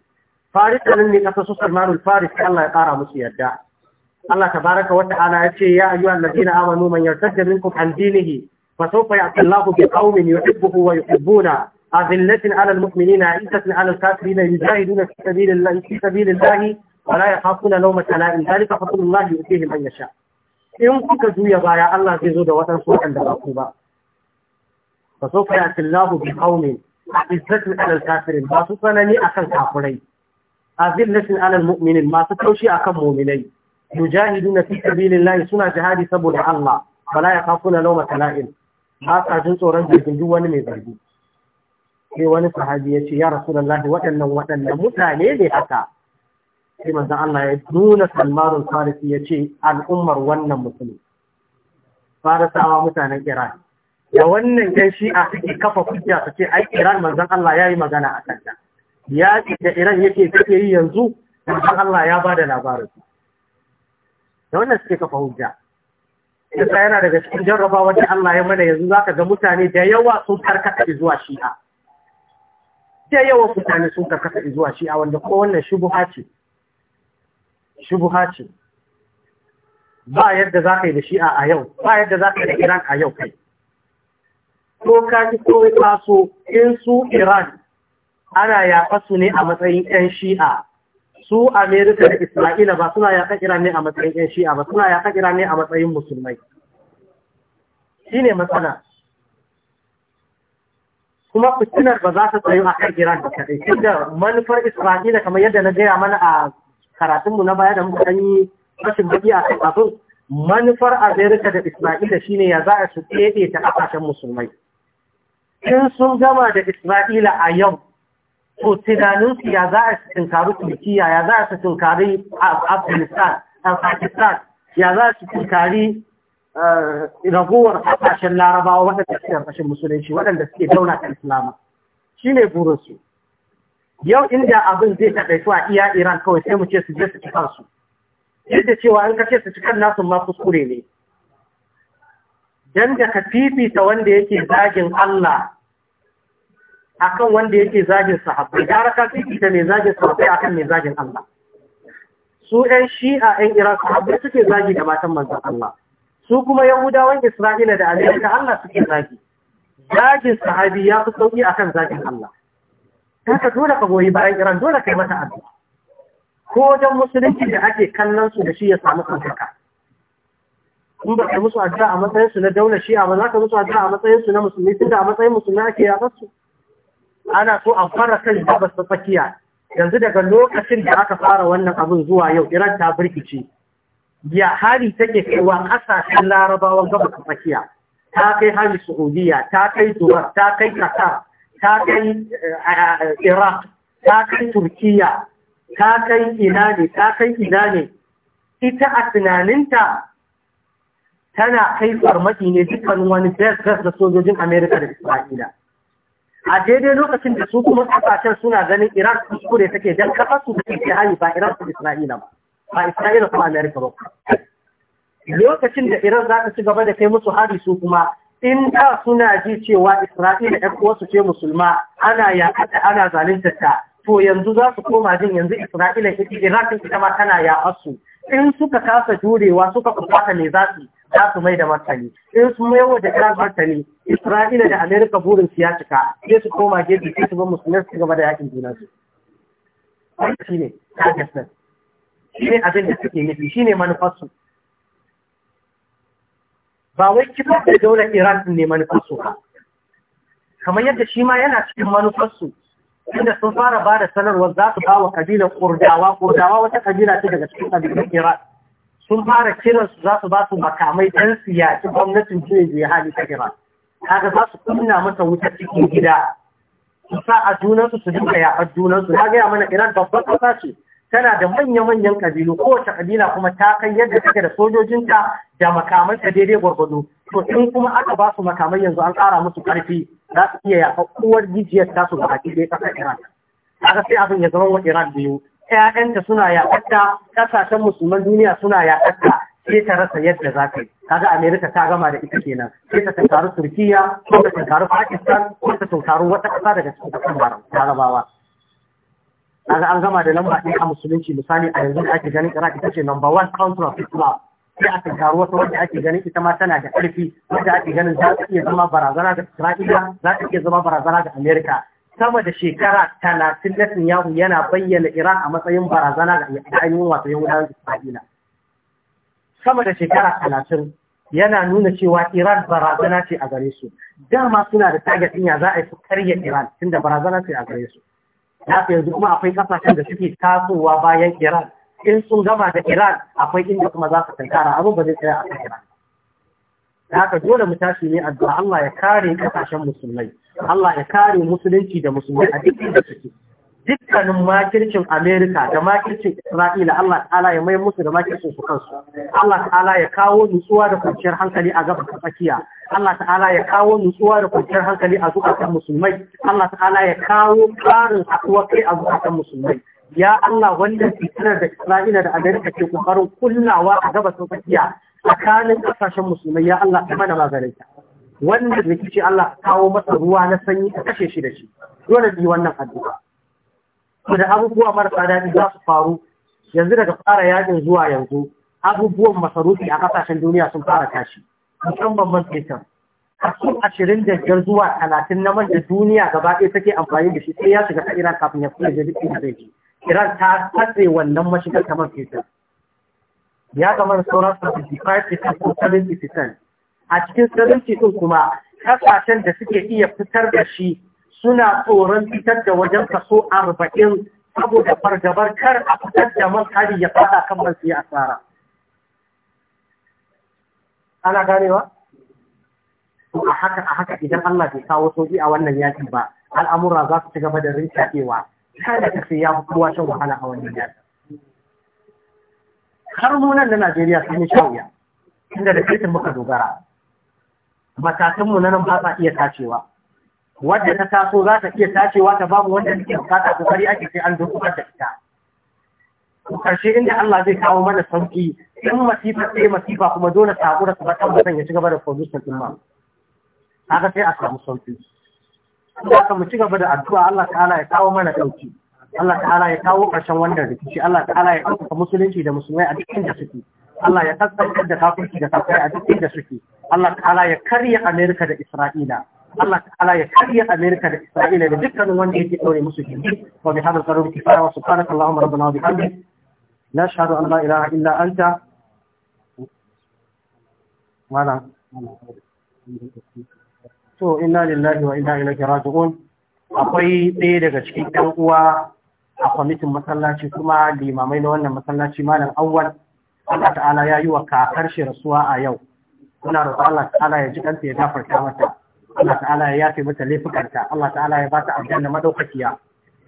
farisa nan ne kasa su salmanul faris allah ya kara musu yarda Allah baraka wata ana ya ce ya ayyuhal ladina amanu man yartadda minkum an dinihi fa sawfa ya'ti Allahu bi qaumin yuhibbuhu wa yuhibbuna أذلة على المؤمنين عزة على الكافرين يجاهدون في سبيل الله في سبيل الله Bala ya khafuna lawma tala'in zalika fadlullahi yu'tihi man yasha in kuka juya baya Allah zai zo da waɗansu waɗanda ba ku ba fa so fa yati Allahu bi qaumin izzatin ala al-kafirin ba su sanani akan kafirai azillatin ala al-mu'minin ma su taushi akan mu'minai yujahiduna na sabilillahi suna jihadi saboda Allah wala ya khafuna lawma tala'in ba sa jin tsoron jirgin duk wani mai zargi sai wani sahabi ya ce ya rasu rasulullahi waɗannan waɗannan mutane ne haka sai manzon Allah ya nuna Salman farisi ya ce al'ummar wannan musulmi farisawa mutanen Iran da wannan yan shi'a suke kafa kujya su ce ai Iran manzon Allah ya yi magana a kanta ya ce da Iran yake take yi yanzu manzon Allah ya bada labarin da wannan suke kafa hujja Isa yana daga cikin jarrabawa da Allah ya mana yanzu zaka ga mutane da yawa sun karkata zuwa shi'a da yawa mutane sun karkata zuwa shi'a wanda ko wannan shubuha ce shubuha ce ba yadda za ka yi da shi'a a yau ba yadda za ka yi da iran a yau kai ko ka ji ko ka so in su iran ana yafa su ne a matsayin 'yan shi'a su amerika da isra'ila ba suna yafa iran ne a matsayin 'yan shi'a ba suna yafa iran ne a matsayin musulmai shi ne matsala kuma fitinar ba za ta tsayo a kan iran da kaɗai tunda manufar isra'ila kamar yadda na gaya mana a karatunmu na baya da muka yi rashin baki a kan abin manufar amerika da isra'ila shine ya za a su ɗebe ta ƙasashen musulmai in sun gama da isra'ila a yau to tunaninsu ya za a su tunkari turkiya ya za a su tunkari afghanistan pakistan ya za su tunkari eh, raguwar ƙasashen larabawa waɗanda suke ƙarshen musulunci waɗanda suke dauna kan islama shine burinsu yau inda abin zai taɗaitu a iya Iran kawai sai mu ce su je su ci kansu yadda cewa in ka ce su ci kan nasu ma kuskure ne dan da ka fifita wanda yake zagin Allah akan wanda yake zagin sahabbai gara ka fifita mai zagin sahabbai akan mai zagin Allah su ɗan shi'a ɗan Iran sahabbai suke zagi da matan manzan Allah su kuma Yahudawan Isra'ila da Amerika Allah suke zagi zagin sahabi ya fi sauki akan zagin Allah haka dole ka goyi bayan Iran dole kai mata abu. ko wajen musulunci da ake kallon su da shi ya samu kankaka in ba ka musu addu'a a matsayin su na daular shi'a ba za ka musu addu'a a matsayin su na musulmi da a matsayin musulmi ake yaƙar su ana so a fara kan gabas ta tsakiya yanzu daga lokacin da aka fara wannan abin zuwa yau Iran ta birkice ya hari take kaiwa ƙasashen larabawan gabas ta tsakiya ta kai hari Saudiya ta kai dubar ta kai Qatar ta kai eh, iraq ta kai turkiya ta kai ina ne ta kai ina ne ita a tunaninta tana kai farmaki ne dukkan wani da sojojin amerika da isra'ila a daidai lokacin da su kuma kasashen suna ganin iran kuskure take don kafa su da ke hali ba iran su isra'ila ba ba isra'ila kuma amerika ba lokacin da iran za ta ci gaba da kai musu hari su kuma in da suna ji cewa Isra'ila ɗan su ce musulma ana da ana zalinta ta to yanzu za su koma jin yanzu Isra'ila ita Iraq ita ma tana yaƙarsu in suka kasa jurewa suka kubata ne za su za su mai da martani in su mai da Iraq martani Isra'ila da Amerika burin su ya cika sai su koma gefe sai su bar musulmai su gaba da yakin juna su shi ne ta gasar shi ne abin da suke nufi shi ne manufarsu ba wai kima da daular Iran ne manufarsu ba kamar yadda shi ma yana cikin manufarsu inda sun fara ba da sanarwar za su ba wa kabilar kurdawa kurdawa wata kabila ce daga cikin kabilar iran sun fara kiran su za su ba su makamai ɗan siyasi gwamnatin juyin juya hali ta iran kaga za su kunna masa wuta cikin gida su sa a junansu su dinga yaƙar junansu ya gaya mana iran babban ƙasa ce tana da manya-manyan kabilu kowace kabila kuma ta kai yadda take da sojojinta da makamanta daidai gwargwado to in kuma aka ba su makamai yanzu an ƙara musu ƙarfi za su iya yafa kowar jijiyar ta su baki ɗaya ƙasar iran aka sai abin ya zama wa iran biyu ƴaƴanta suna yaƙatta ƙasashen musulman duniya suna yaƙatta sai ta rasa yadda za ta yi kaga amerika ta gama da ita kenan sai ta tunkaru turkiya ko ta tunkaru pakistan ko ta tunkaru wata ƙasa daga cikin ƙasar gabawa. Aga an gama da lamba ɗin a musulunci misali a yanzu ake ganin iraq ita ce number one counter of islam sai aka karu wata wanda ake ganin ita ma tana da ƙarfi wanda ake ganin za ta iya zama barazana ga isra'ila za ta iya zama barazana ga amerika sama da shekara talatin na yahu yana bayyana iran a matsayin barazana ga ainihin wato yahudawan isra'ila sama da shekara talatin yana nuna cewa Iran barazana ce a gare su. Dama suna da targetin ya za a yi su karya Iran tunda barazana ce a gare su. haka yanzu kuma akwai kasashen da suke tasowa bayan Iran in sun gama da Iran akwai inda kuma za su tankara abin ba zai tsaya a Iran da haka dole mu tashi ne addu'a Allah ya kare kasashen musulmai Allah ya kare musulunci da musulmai a duk inda suke dukkanin makircin Amerika da makircin Isra'ila Allah ta'ala ya mai musu da makircin su kansu Allah ta'ala ya kawo nutsuwa da kwanciyar hankali a gaba ta tsakiya Allah ta'ala ya kawo nutsuwa da kwanciyar hankali a zukatan musulmai Allah ta'ala ya kawo ƙarin haɗuwa kai a zukatan musulmai ya Allah wanda fitinar da Isra'ila da Amerika ke kokarin kullawa a gaba ta tsakiya tsakanin ƙasashen musulmai ya Allah ta mana maganinta wanda rikici Allah kawo masa ruwa na sanyi a kashe shi da shi dole yi wannan addu'a to da abubuwa marasa daɗi za su faru yanzu daga fara yaƙin zuwa yanzu abubuwan masarufi a ƙasashen duniya sun fara tashi musamman man fetur kaso ashirin da biyar zuwa talatin na man da duniya gaba ɗaya take amfani da shi sai ya shiga ta iran kafin ya kula da jirgin da zai je iran ta katse wannan mashigar ta man fetur ya kamar sauran 75% ko 70% a cikin 70% kuma kasashen da suke iya fitar da shi suna tsoron fitar da wajen kaso arba'in saboda fargabar kar a fitar da man mazhari ya fada kan man yi asara ana ganewa to a haka a haka idan Allah bai kawo soji a wannan yaƙi ba al'amura za su ci gaba da rinkaɗewa kada ka sai ya fi kowa shan wahala a wannan yakin har nunan na Najeriya sun yi shawuya inda da kirkin muka dogara matakanmu na nan ba iya tacewa. wadda ta taso za ta iya tacewa ta babu wanda take bukata kari ake sai an dokar da ita karshe inda Allah zai kawo mana sauki in masifa sai masifa kuma dole sako da sabatan mutan ya ci gaba da production din ma haka sai a samu sauki haka mu ci gaba da addu'a Allah ta'ala ya kawo mana dauki Allah ta'ala ya kawo karshen wannan rikici Allah ta'ala ya kawo musulunci da musulmai a cikin da suke Allah ya kasance da kafirci da kafirai a cikin da suke Allah ta'ala ya karya Amerika da Isra'ila Allah ta'ala ya kariya Amerika da Isra'ila da dukkanin wanda yake daure musu gindi wa bi hadal qarar kifaya wa subhanaka allahumma rabbana wa bihamdik نشهد أن لا إله إلا أنت ولا to inna lillahi wa inna ilaihi raji'un akwai ɗaya daga cikin ɗan uwa a kwamitin masallaci kuma limamai na wannan masallaci malam awwal Allah ta'ala ya yi wa kakar shi rasuwa a yau Ina roƙon Allah ta'ala ya ji ɗanta ya gafarta mata Allah ta'ala ya yafe mata laifukanta Allah ta'ala ya ta aljanna madaukakiya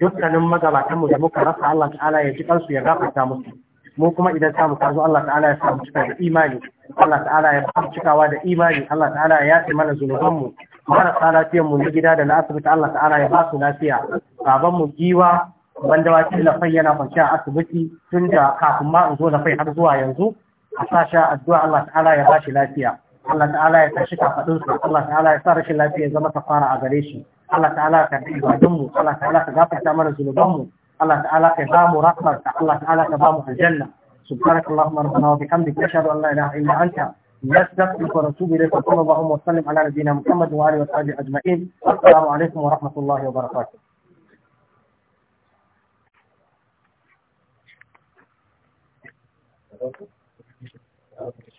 dukkanin magabatan mu da muka rasa Allah ta'ala ya ji kansu ya gafarta musu mu kuma idan samu kazo Allah ta'ala ya samu cika da imani Allah ta'ala ya samu cikawa da imani Allah ta'ala ya yafe mana zunubanmu marasa lafiyar mu na gida da na asibiti Allah ta'ala ya ba su lafiya baban mu giwa banda wace lafai yana kwanciya a asibiti tun da kafin ma in zo lafai har zuwa yanzu a sasha addu'a Allah ta'ala ya ba shi lafiya الله تعالى يتشكى فدوسه الله تعالى يصار شلا في زمة فارع عبريش الله تعالى كبير ودمه الله تعالى كغافة تعمل زلو الله تعالى كبام رحمة الله تعالى كبام الجنة سبحانك اللهم ربنا وبحمدك نشهد أن لا إله إلا أنت نستغفرك ونتوب إليك صلى اللهم وسلم على نبينا محمد وآله وصحبه أجمعين السلام عليكم ورحمة الله وبركاته Okay.